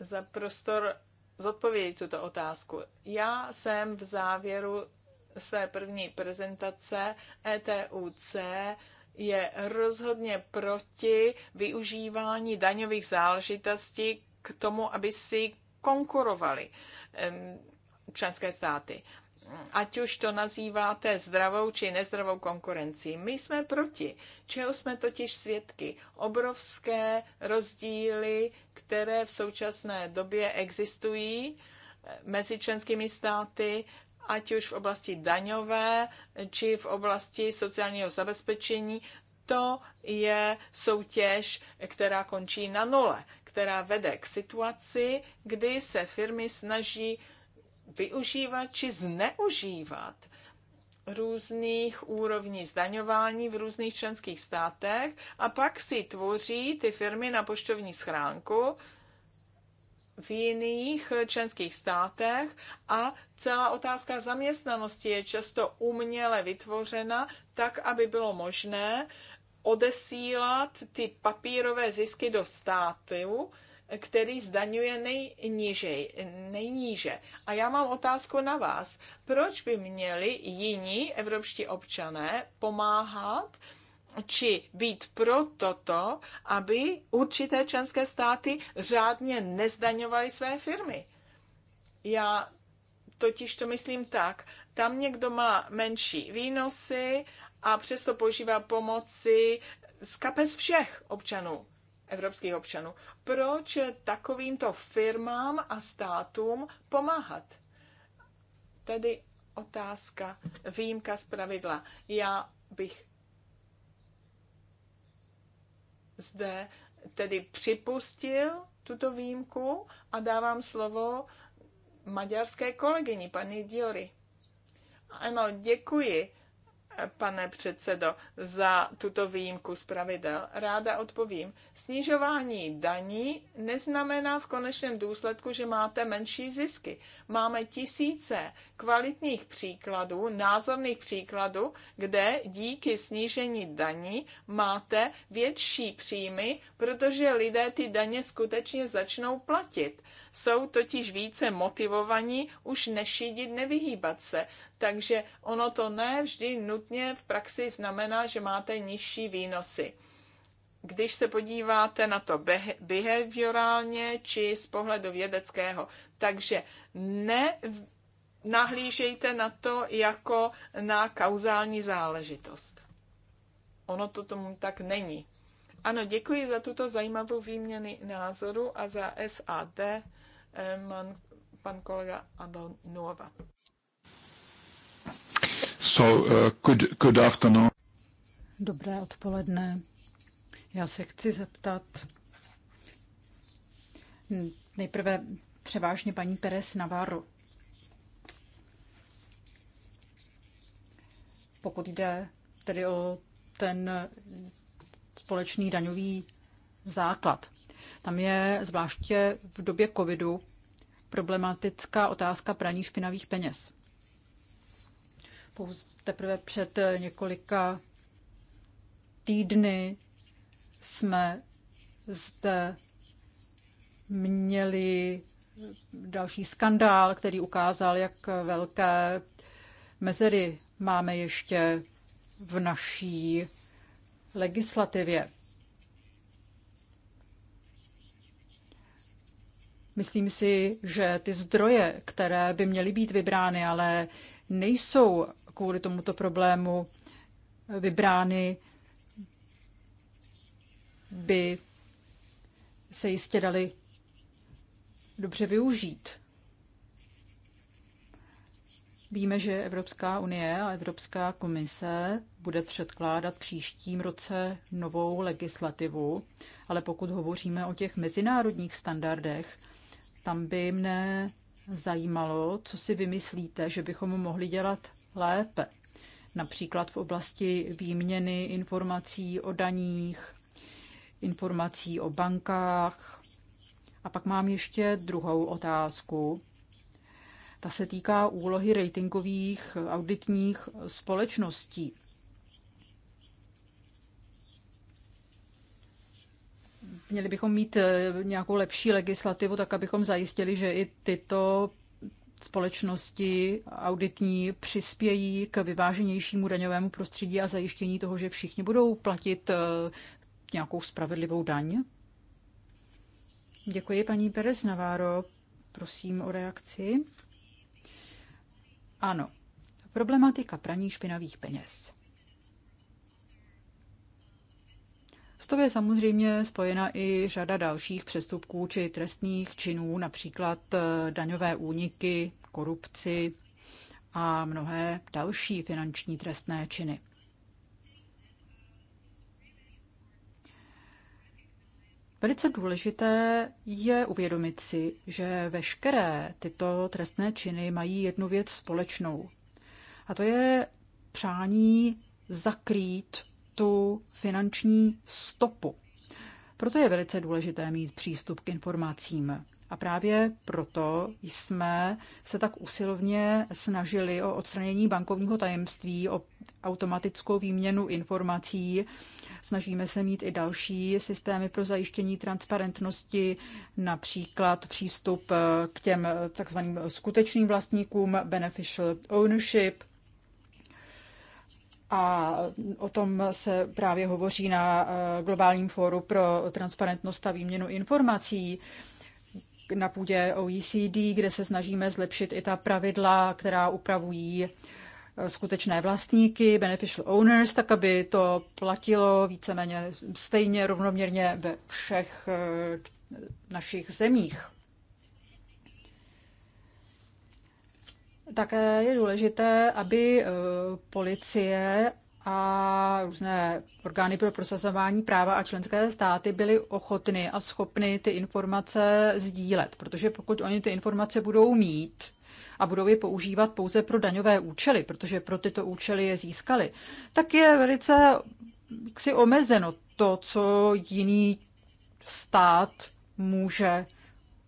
za prostor zodpovědět tuto otázku. Já jsem v závěru své první prezentace ETUC je rozhodně proti využívání daňových záležitostí k tomu, aby si konkurovali členské státy. Ať už to nazýváte zdravou či nezdravou konkurencí. My jsme proti. Čeho jsme totiž svědky? Obrovské rozdíly, které v současné době existují eh, mezi členskými státy ať už v oblasti daňové, či v oblasti sociálního zabezpečení, to je soutěž, která končí na nule, která vede k situaci, kdy se firmy snaží využívat či zneužívat různých úrovní zdaňování v různých členských státech a pak si tvoří ty firmy na poštovní schránku v jiných členských státech a celá otázka zaměstnanosti je často uměle vytvořena tak, aby bylo možné odesílat ty papírové zisky do státu, který zdaňuje nejníže, nejníže. A já mám otázku na vás. Proč by měli jiní evropští občané pomáhat či být pro toto, aby určité členské státy řádně nezdaňovaly své firmy. Já totiž to myslím tak. Tam někdo má menší výnosy a přesto požívá pomoci z kapes všech občanů, evropských občanů. Proč takovýmto firmám a státům pomáhat? Tedy otázka, výjimka z pravidla. Já bych zde tedy připustil tuto výjimku a dávám slovo maďarské kolegyni, paní Diori. Ano, děkuji pane předsedo, za tuto výjimku z pravidel. Ráda odpovím. Snižování daní neznamená v konečném důsledku, že máte menší zisky. Máme tisíce kvalitních příkladů, názorných příkladů, kde díky snížení daní máte větší příjmy, protože lidé ty daně skutečně začnou platit. Jsou totiž více motivovaní už nešídit, nevyhýbat se. Takže ono to ne vždy nutně v praxi znamená, že máte nižší výnosy. Když se podíváte na to behaviorálně či z pohledu vědeckého, takže ne nahlížejte na to jako na kauzální záležitost. Ono to tomu tak není. Ano, děkuji za tuto zajímavou výměnu názoru a za SAD eh, man, pan kolega Adon Nova. So, uh, good, good afternoon. Dobré odpoledne. Já se chci zeptat nejprve převážně paní Perez Navarro. Pokud jde tedy o ten společný daňový základ. Tam je zvláště v době covidu problematická otázka praní špinavých peněz teprve před eh, několika týdny jsme zde měli další skandál, který ukázal, jak velké mezery máme ještě v naší legislativě. Myslím si, že ty zdroje, které by měly být vybrány, ale nejsou kvůli tomuto problému vybrány, by se jistě dali dobře využít. Víme, že Evropská unie a Evropská komise bude předkládat příštím roce novou legislativu, ale pokud hovoříme o těch mezinárodních standardech, tam by mne zajímalo, co si vymyslíte, že bychom mohli dělat lépe. Například v oblasti výměny informací o daních, informací o bankách. A pak mám ještě druhou otázku. Ta se týká úlohy ratingových auditních společností. měli bychom mít eh, nějakou lepší legislativu, tak abychom zajistili, že i tyto společnosti auditní přispějí k vyváženějšímu daňovému prostředí a zajištění toho, že všichni budou platit eh, nějakou spravedlivou daň? Děkuji, paní Perez Naváro. Prosím o reakci. Ano, problematika praní špinavých peněz. S to je samozřejmě spojena i řada dalších přestupků či trestních činů, například eh, daňové úniky, korupci a mnohé další finanční trestné činy. Velice důležité je uvědomit si, že veškeré tyto trestné činy mají jednu věc společnou. A to je přání zakrýt tu finanční stopu. Proto je velice důležité mít přístup k informacím. A právě proto jsme se tak usilovně snažili o odstranění bankovního tajemství, o automatickou výměnu informací. Snažíme se mít i další systémy pro zajištění transparentnosti, například přístup k těm takzvaným skutečným vlastníkům, beneficial ownership, a o tom se právě hovoří na eh, globálním fóru pro transparentnost a výměnu informací na půdě OECD, kde se snažíme zlepšit i ta pravidla, která upravují eh, skutečné vlastníky, beneficial owners, tak aby to platilo víceméně stejně rovnoměrně ve všech eh, našich zemích. Také je důležité, aby e, policie a různé orgány pro prosazování práva a členské státy byly ochotny a schopny ty informace sdílet, protože pokud oni ty informace budou mít a budou je používat pouze pro daňové účely, protože pro tyto účely je získali, tak je velice si omezeno to, co jiný stát může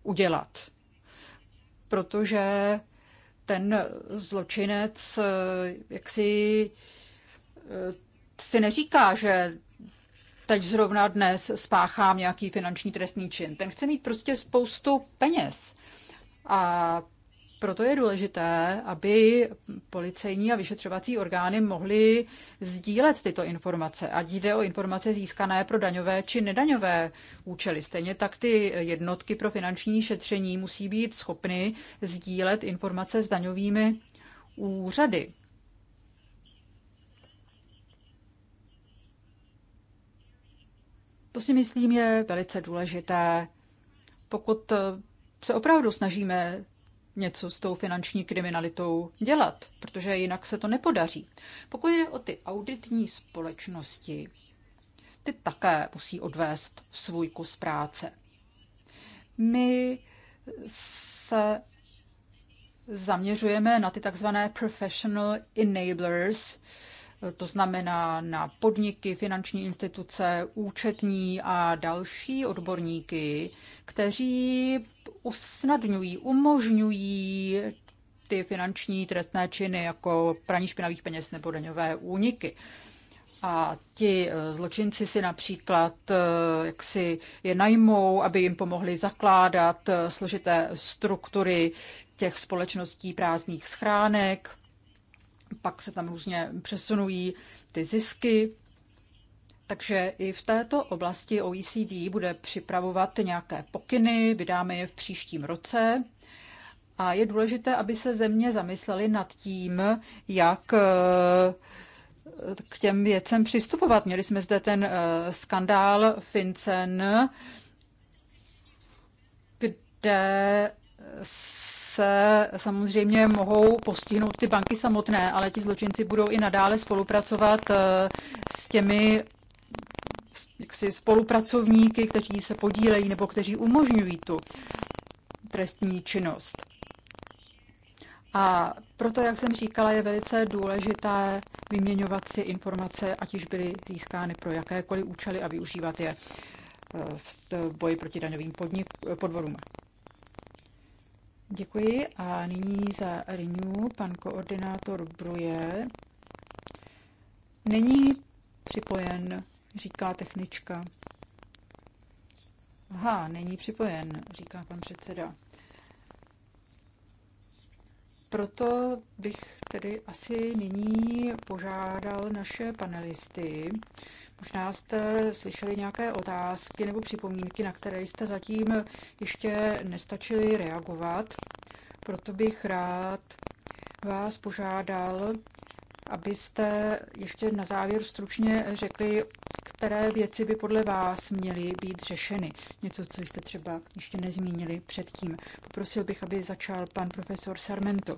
udělat. Protože ten zločinec eh, jaksi eh, si neříká, že teď zrovna dnes spáchám nějaký finanční trestný čin. Ten chce mít prostě spoustu peněz. A proto je důležité, aby policejní a vyšetřovací orgány mohly sdílet tyto informace, ať jde o informace získané pro daňové či nedaňové účely. Stejně tak ty jednotky pro finanční šetření musí být schopny sdílet informace s daňovými úřady. To si myslím je velice důležité. Pokud se opravdu snažíme něco s tou finanční kriminalitou dělat, protože jinak se to nepodaří. Pokud jde o ty auditní společnosti, ty také musí odvést svůj kus práce. My se zaměřujeme na ty takzvané professional enablers, to znamená na podniky, finanční instituce, účetní a další odborníky, kteří usnadňují, umožňují ty finanční trestné činy jako praní špinavých peněz nebo daňové úniky. A ti eh, zločinci si například eh, jak si je najmou, aby jim pomohli zakládat eh, složité struktury těch společností prázdných schránek, pak se tam různě přesunují ty zisky takže i v této oblasti OECD bude připravovat nějaké pokyny, vydáme je v příštím roce. A je důležité, aby se země zamyslely nad tím, jak eh, k těm věcem přistupovat. Měli jsme zde ten eh, skandál FinCEN, kde se samozřejmě mohou postihnout ty banky samotné, ale ti zločinci budou i nadále spolupracovat eh, s těmi jaksi spolupracovníky, kteří se podílejí nebo kteří umožňují tu trestní činnost. A proto, jak jsem říkala, je velice důležité vyměňovat si informace, ať již byly získány pro jakékoliv účely a využívat je eh, v boji proti daňovým podnik, podvodům. Děkuji a nyní za Renew pan koordinátor Bruje není připojen říká technička. Aha, není připojen, říká pan předseda. Proto bych tedy asi nyní požádal naše panelisty. Možná jste slyšeli nějaké otázky nebo připomínky, na které jste zatím ještě nestačili reagovat. Proto bych rád vás požádal, abyste ještě na závěr stručně řekli, které věci by podle vás měly být řešeny. Něco, co jste třeba ještě nezmínili předtím. Poprosil bych, aby začal pan profesor Sarmento.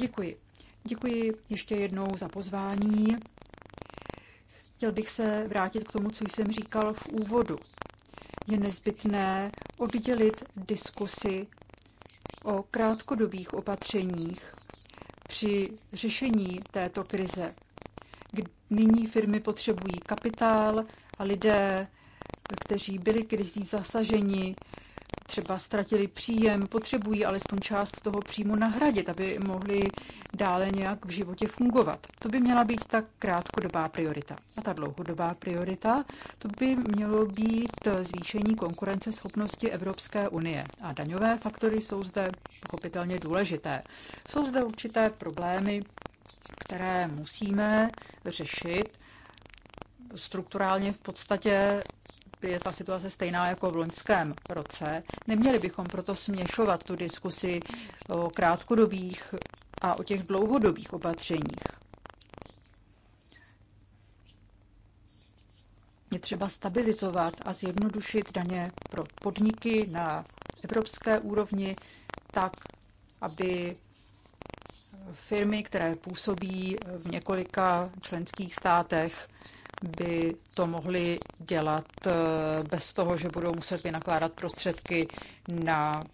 Děkuji. Děkuji ještě jednou za pozvání. Chtěl bych se vrátit k tomu, co jsem říkal v úvodu. Je nezbytné oddělit diskusy o krátkodobých opatřeních při řešení této krize. Nyní firmy potřebují kapitál a lidé, kteří byli krizí zasaženi, třeba ztratili příjem, potřebují alespoň část toho příjmu nahradit, aby mohli dále nějak v životě fungovat. To by měla být ta krátkodobá priorita. A ta dlouhodobá priorita, to by mělo být zvýšení konkurenceschopnosti Evropské unie. A daňové faktory jsou zde pochopitelně důležité. Jsou zde určité problémy, které musíme řešit strukturálně v podstatě je ta situace stejná jako v loňském roce. Neměli bychom proto směšovat tu diskusi o krátkodobých a o těch dlouhodobých opatřeních. Je třeba stabilizovat a zjednodušit daně pro podniky na evropské úrovni tak, aby firmy, které působí v několika členských státech, by to mohli dělat eh, bez toho, že budou muset vynakládat prostředky na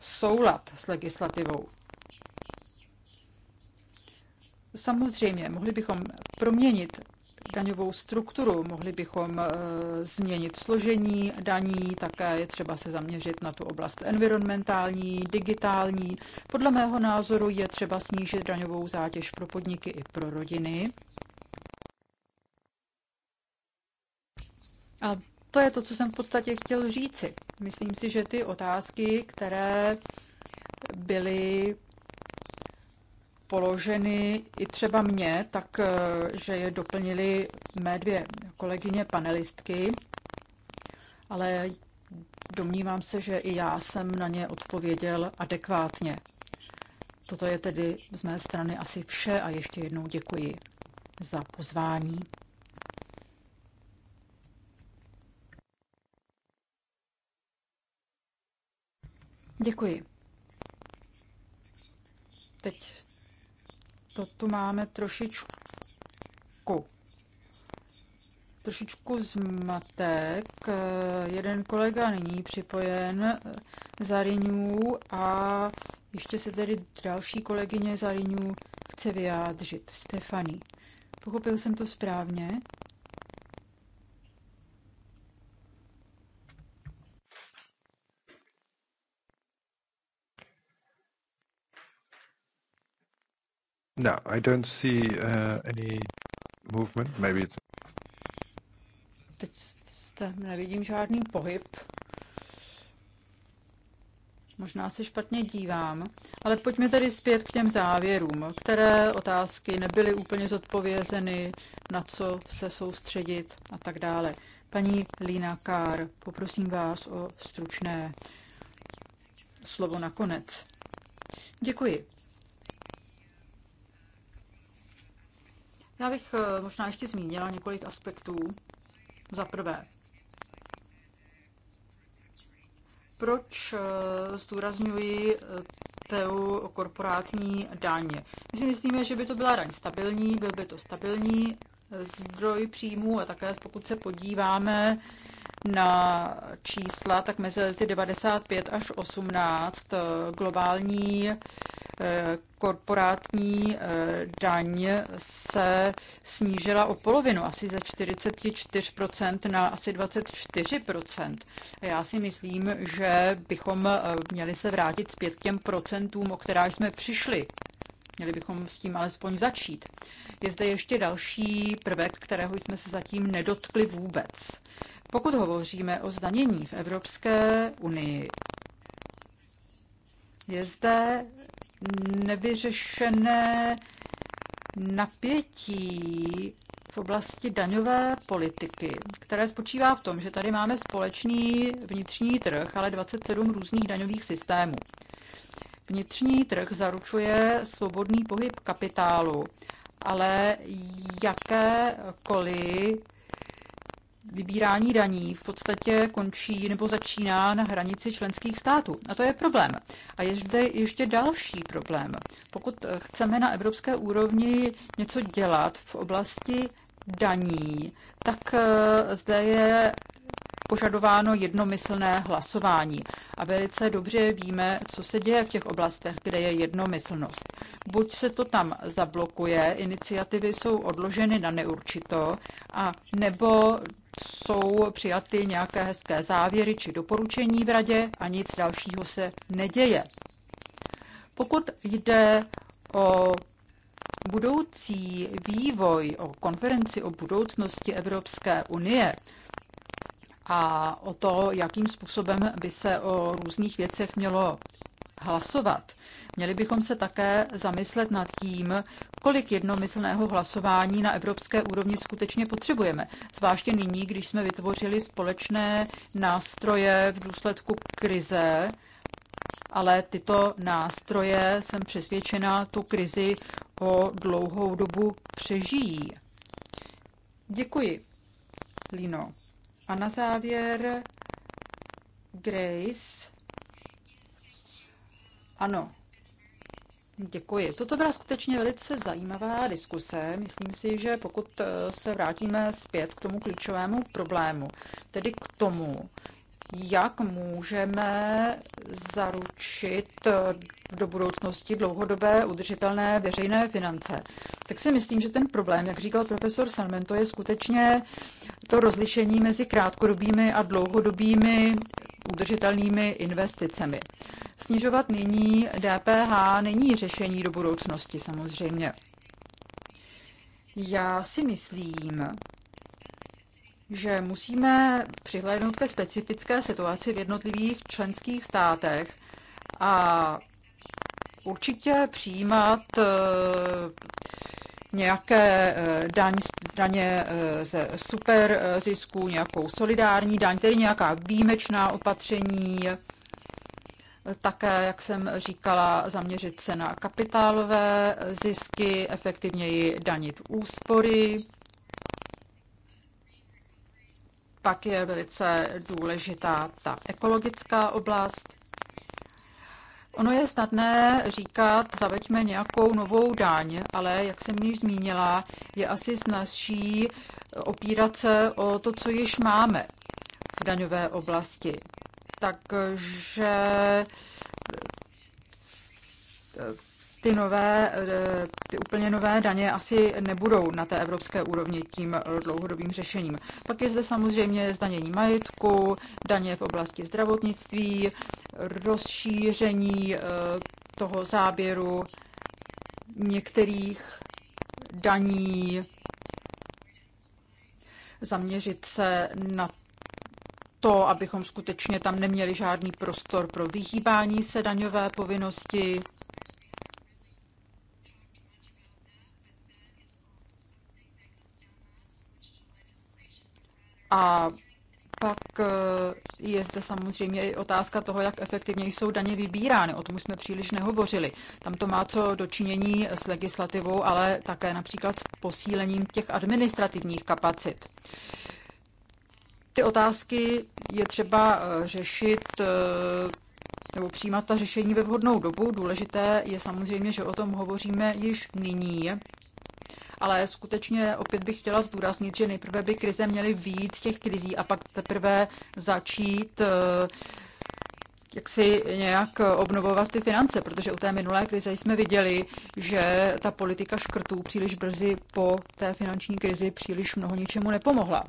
soulad s legislativou. Samozřejmě, mohli bychom proměnit daňovou strukturu, mohli bychom eh, změnit složení daní, také je třeba se zaměřit na tu oblast environmentální, digitální. Podle mého názoru je třeba snížit daňovou zátěž pro podniky i pro rodiny. A to je to, co jsem v podstatě chtěl říci. Myslím si, že ty otázky, které byly položeny i třeba mě, tak eh, že je doplnili mé dvě kolegyně panelistky, ale domnívám se, že i já jsem na ně odpověděl adekvátně. Toto je tedy z mé strany asi vše a ještě jednou děkuji za pozvání. Děkuji. Teď to tu máme trošičku trošičku zmatek. Jeden kolega není připojen za a ještě se tedy další kolegyně za chce vyjádřit, Stefany. Pochopil jsem to správně? No, I don't see uh, any movement. Maybe it's... Teď jste, nevidím žádný pohyb. Možná se špatně dívám, ale pojďme tedy zpět k těm závěrům. Které otázky nebyly úplně zodpovězeny, na co se soustředit a tak dále. Paní Lína Kár, poprosím vás o stručné slovo nakonec. Děkuji. Já bych eh, možná ještě zmínila několik aspektů. Za prvé, proč eh, zdůrazňuji eh, teu korporátní dáně? My si myslíme, že by to byla daň stabilní, byl by to stabilní zdroj příjmů a také pokud se podíváme na čísla, tak mezi lety 95 až 18 globální korporátní eh, daň se snížila o polovinu, asi ze 44% na asi 24%. A já si myslím, že bychom eh, měli se vrátit zpět k těm procentům, o která jsme přišli. Měli bychom s tím alespoň začít. Je zde ještě další prvek, kterého jsme se zatím nedotkli vůbec. Pokud hovoříme o zdanění v Evropské unii, je zde nevyřešené napětí v oblasti daňové politiky, které spočívá v tom, že tady máme společný vnitřní trh, ale 27 různých daňových systémů. Vnitřní trh zaručuje svobodný pohyb kapitálu, ale jakékoliv vybírání daní v podstatě končí nebo začíná na hranici členských států. A to je problém. A je zde ještě další problém. Pokud eh, chceme na evropské úrovni něco dělat v oblasti daní, tak eh, zde je požadováno jednomyslné hlasování. A velice dobře víme, co se děje v těch oblastech, kde je jednomyslnost. Buď se to tam zablokuje, iniciativy jsou odloženy na neurčito, a nebo jsou přijaty nějaké hezké závěry či doporučení v radě a nic dalšího se neděje. Pokud jde o budoucí vývoj, o konferenci o budoucnosti Evropské unie a o to, jakým způsobem by se o různých věcech mělo hlasovat. Měli bychom se také zamyslet nad tím, kolik jednomyslného hlasování na evropské úrovni skutečně potřebujeme. Zvláště nyní, když jsme vytvořili společné nástroje v důsledku krize, ale tyto nástroje, jsem přesvědčena, tu krizi o dlouhou dobu přežijí. Děkuji, Lino. A na závěr Grace ano, Děkuji. Toto byla skutečně velice zajímavá diskuse. Myslím si, že pokud eh, se vrátíme zpět k tomu klíčovému problému, tedy k tomu, jak můžeme zaručit do budoucnosti dlouhodobé udržitelné veřejné finance, tak si myslím, že ten problém, jak říkal profesor Salmen, to je skutečně to rozlišení mezi krátkodobými a dlouhodobými udržitelnými investicemi. Snižovat nyní DPH není řešení do budoucnosti samozřejmě. Já si myslím, že musíme přihlédnout ke specifické situaci v jednotlivých členských státech a určitě přijímat eh, nějaké eh, daň, daně eh, ze super zisku, nějakou solidární daň, tedy nějaká výjimečná opatření, také, jak jsem říkala, zaměřit se na kapitálové zisky, efektivněji danit úspory. Pak je velice důležitá ta ekologická oblast. Ono je snadné říkat, zaveďme nějakou novou daň, ale jak jsem již zmínila, je asi snažší opírat se o to, co již máme v daňové oblasti. Takže ty nové, eh, ty úplně nové daně asi nebudou na té evropské úrovni tím dlouhodobým řešením. Pak je zde samozřejmě zdanění majetku, daně v oblasti zdravotnictví, rozšíření eh, toho záběru některých daní, zaměřit se na to, abychom skutečně tam neměli žádný prostor pro vyhýbání se daňové povinnosti. A pak eh, je zde samozřejmě i otázka toho, jak efektivně jsou daně vybírány. O tom jsme příliš nehovořili. Tam to má co dočinění s legislativou, ale také například s posílením těch administrativních kapacit. Ty otázky je třeba eh, řešit eh, nebo přijímat ta řešení ve vhodnou dobu. Důležité je samozřejmě, že o tom hovoříme již nyní, ale skutečně opět bych chtěla zdůraznit, že nejprve by krize měly výjít z těch krizí a pak teprve začít eh, jak si nějak obnovovat ty finance, protože u té minulé krize jsme viděli, že ta politika škrtů příliš brzy po té finanční krizi příliš mnoho ničemu nepomohla.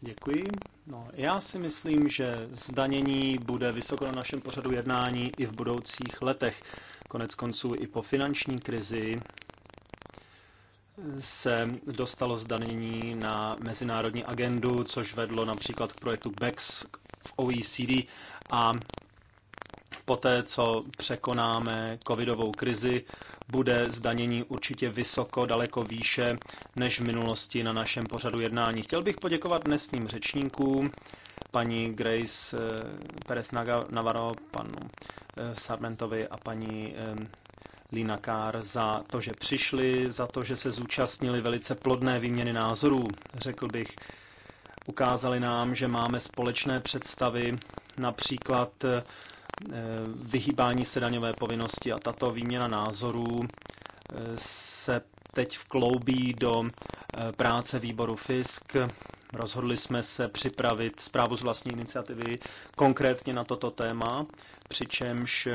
Děkuji. No, já si myslím, že zdanění bude vysoko na našem pořadu jednání i v budoucích letech. Konec konců i po finanční krizi se dostalo zdanění na mezinárodní agendu, což vedlo například k projektu BEX v OECD a poté, co překonáme covidovou krizi, bude zdanění určitě vysoko, daleko výše než v minulosti na našem pořadu jednání. Chtěl bych poděkovat dnesním řečníkům, paní Grace eh, Perez Navarro, panu eh, Sarmentovi a paní eh, Linakár za to, že přišli, za to, že se zúčastnili velice plodné výměny názorů, řekl bych. Ukázali nám, že máme společné představy, například eh, vyhýbání se daňové povinnosti a tato výměna názorů eh, se teď vkloubí do eh, práce výboru FISK. Rozhodli jsme se připravit zprávu z vlastní iniciativy konkrétně na toto téma, přičemž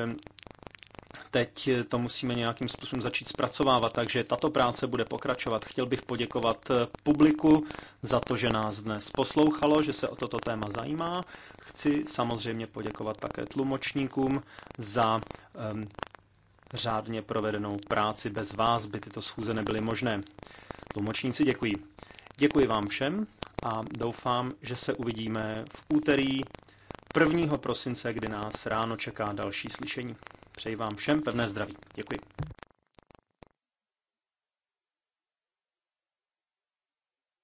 teď to musíme nějakým způsobem začít zpracovávat, takže tato práce bude pokračovat. Chtěl bych poděkovat eh, publiku za to, že nás dnes poslouchalo, že se o toto téma zajímá. Chci samozřejmě poděkovat také tlumočníkům za um, řádně provedenou práci. Bez vás by tyto schůze nebyly možné. Tlumočníci děkuji. Děkuji vám všem a doufám, že se uvidíme v úterý 1. prosince, kdy nás ráno čeká další slyšení. Přeji vám všem pevné zdraví. Děkuji.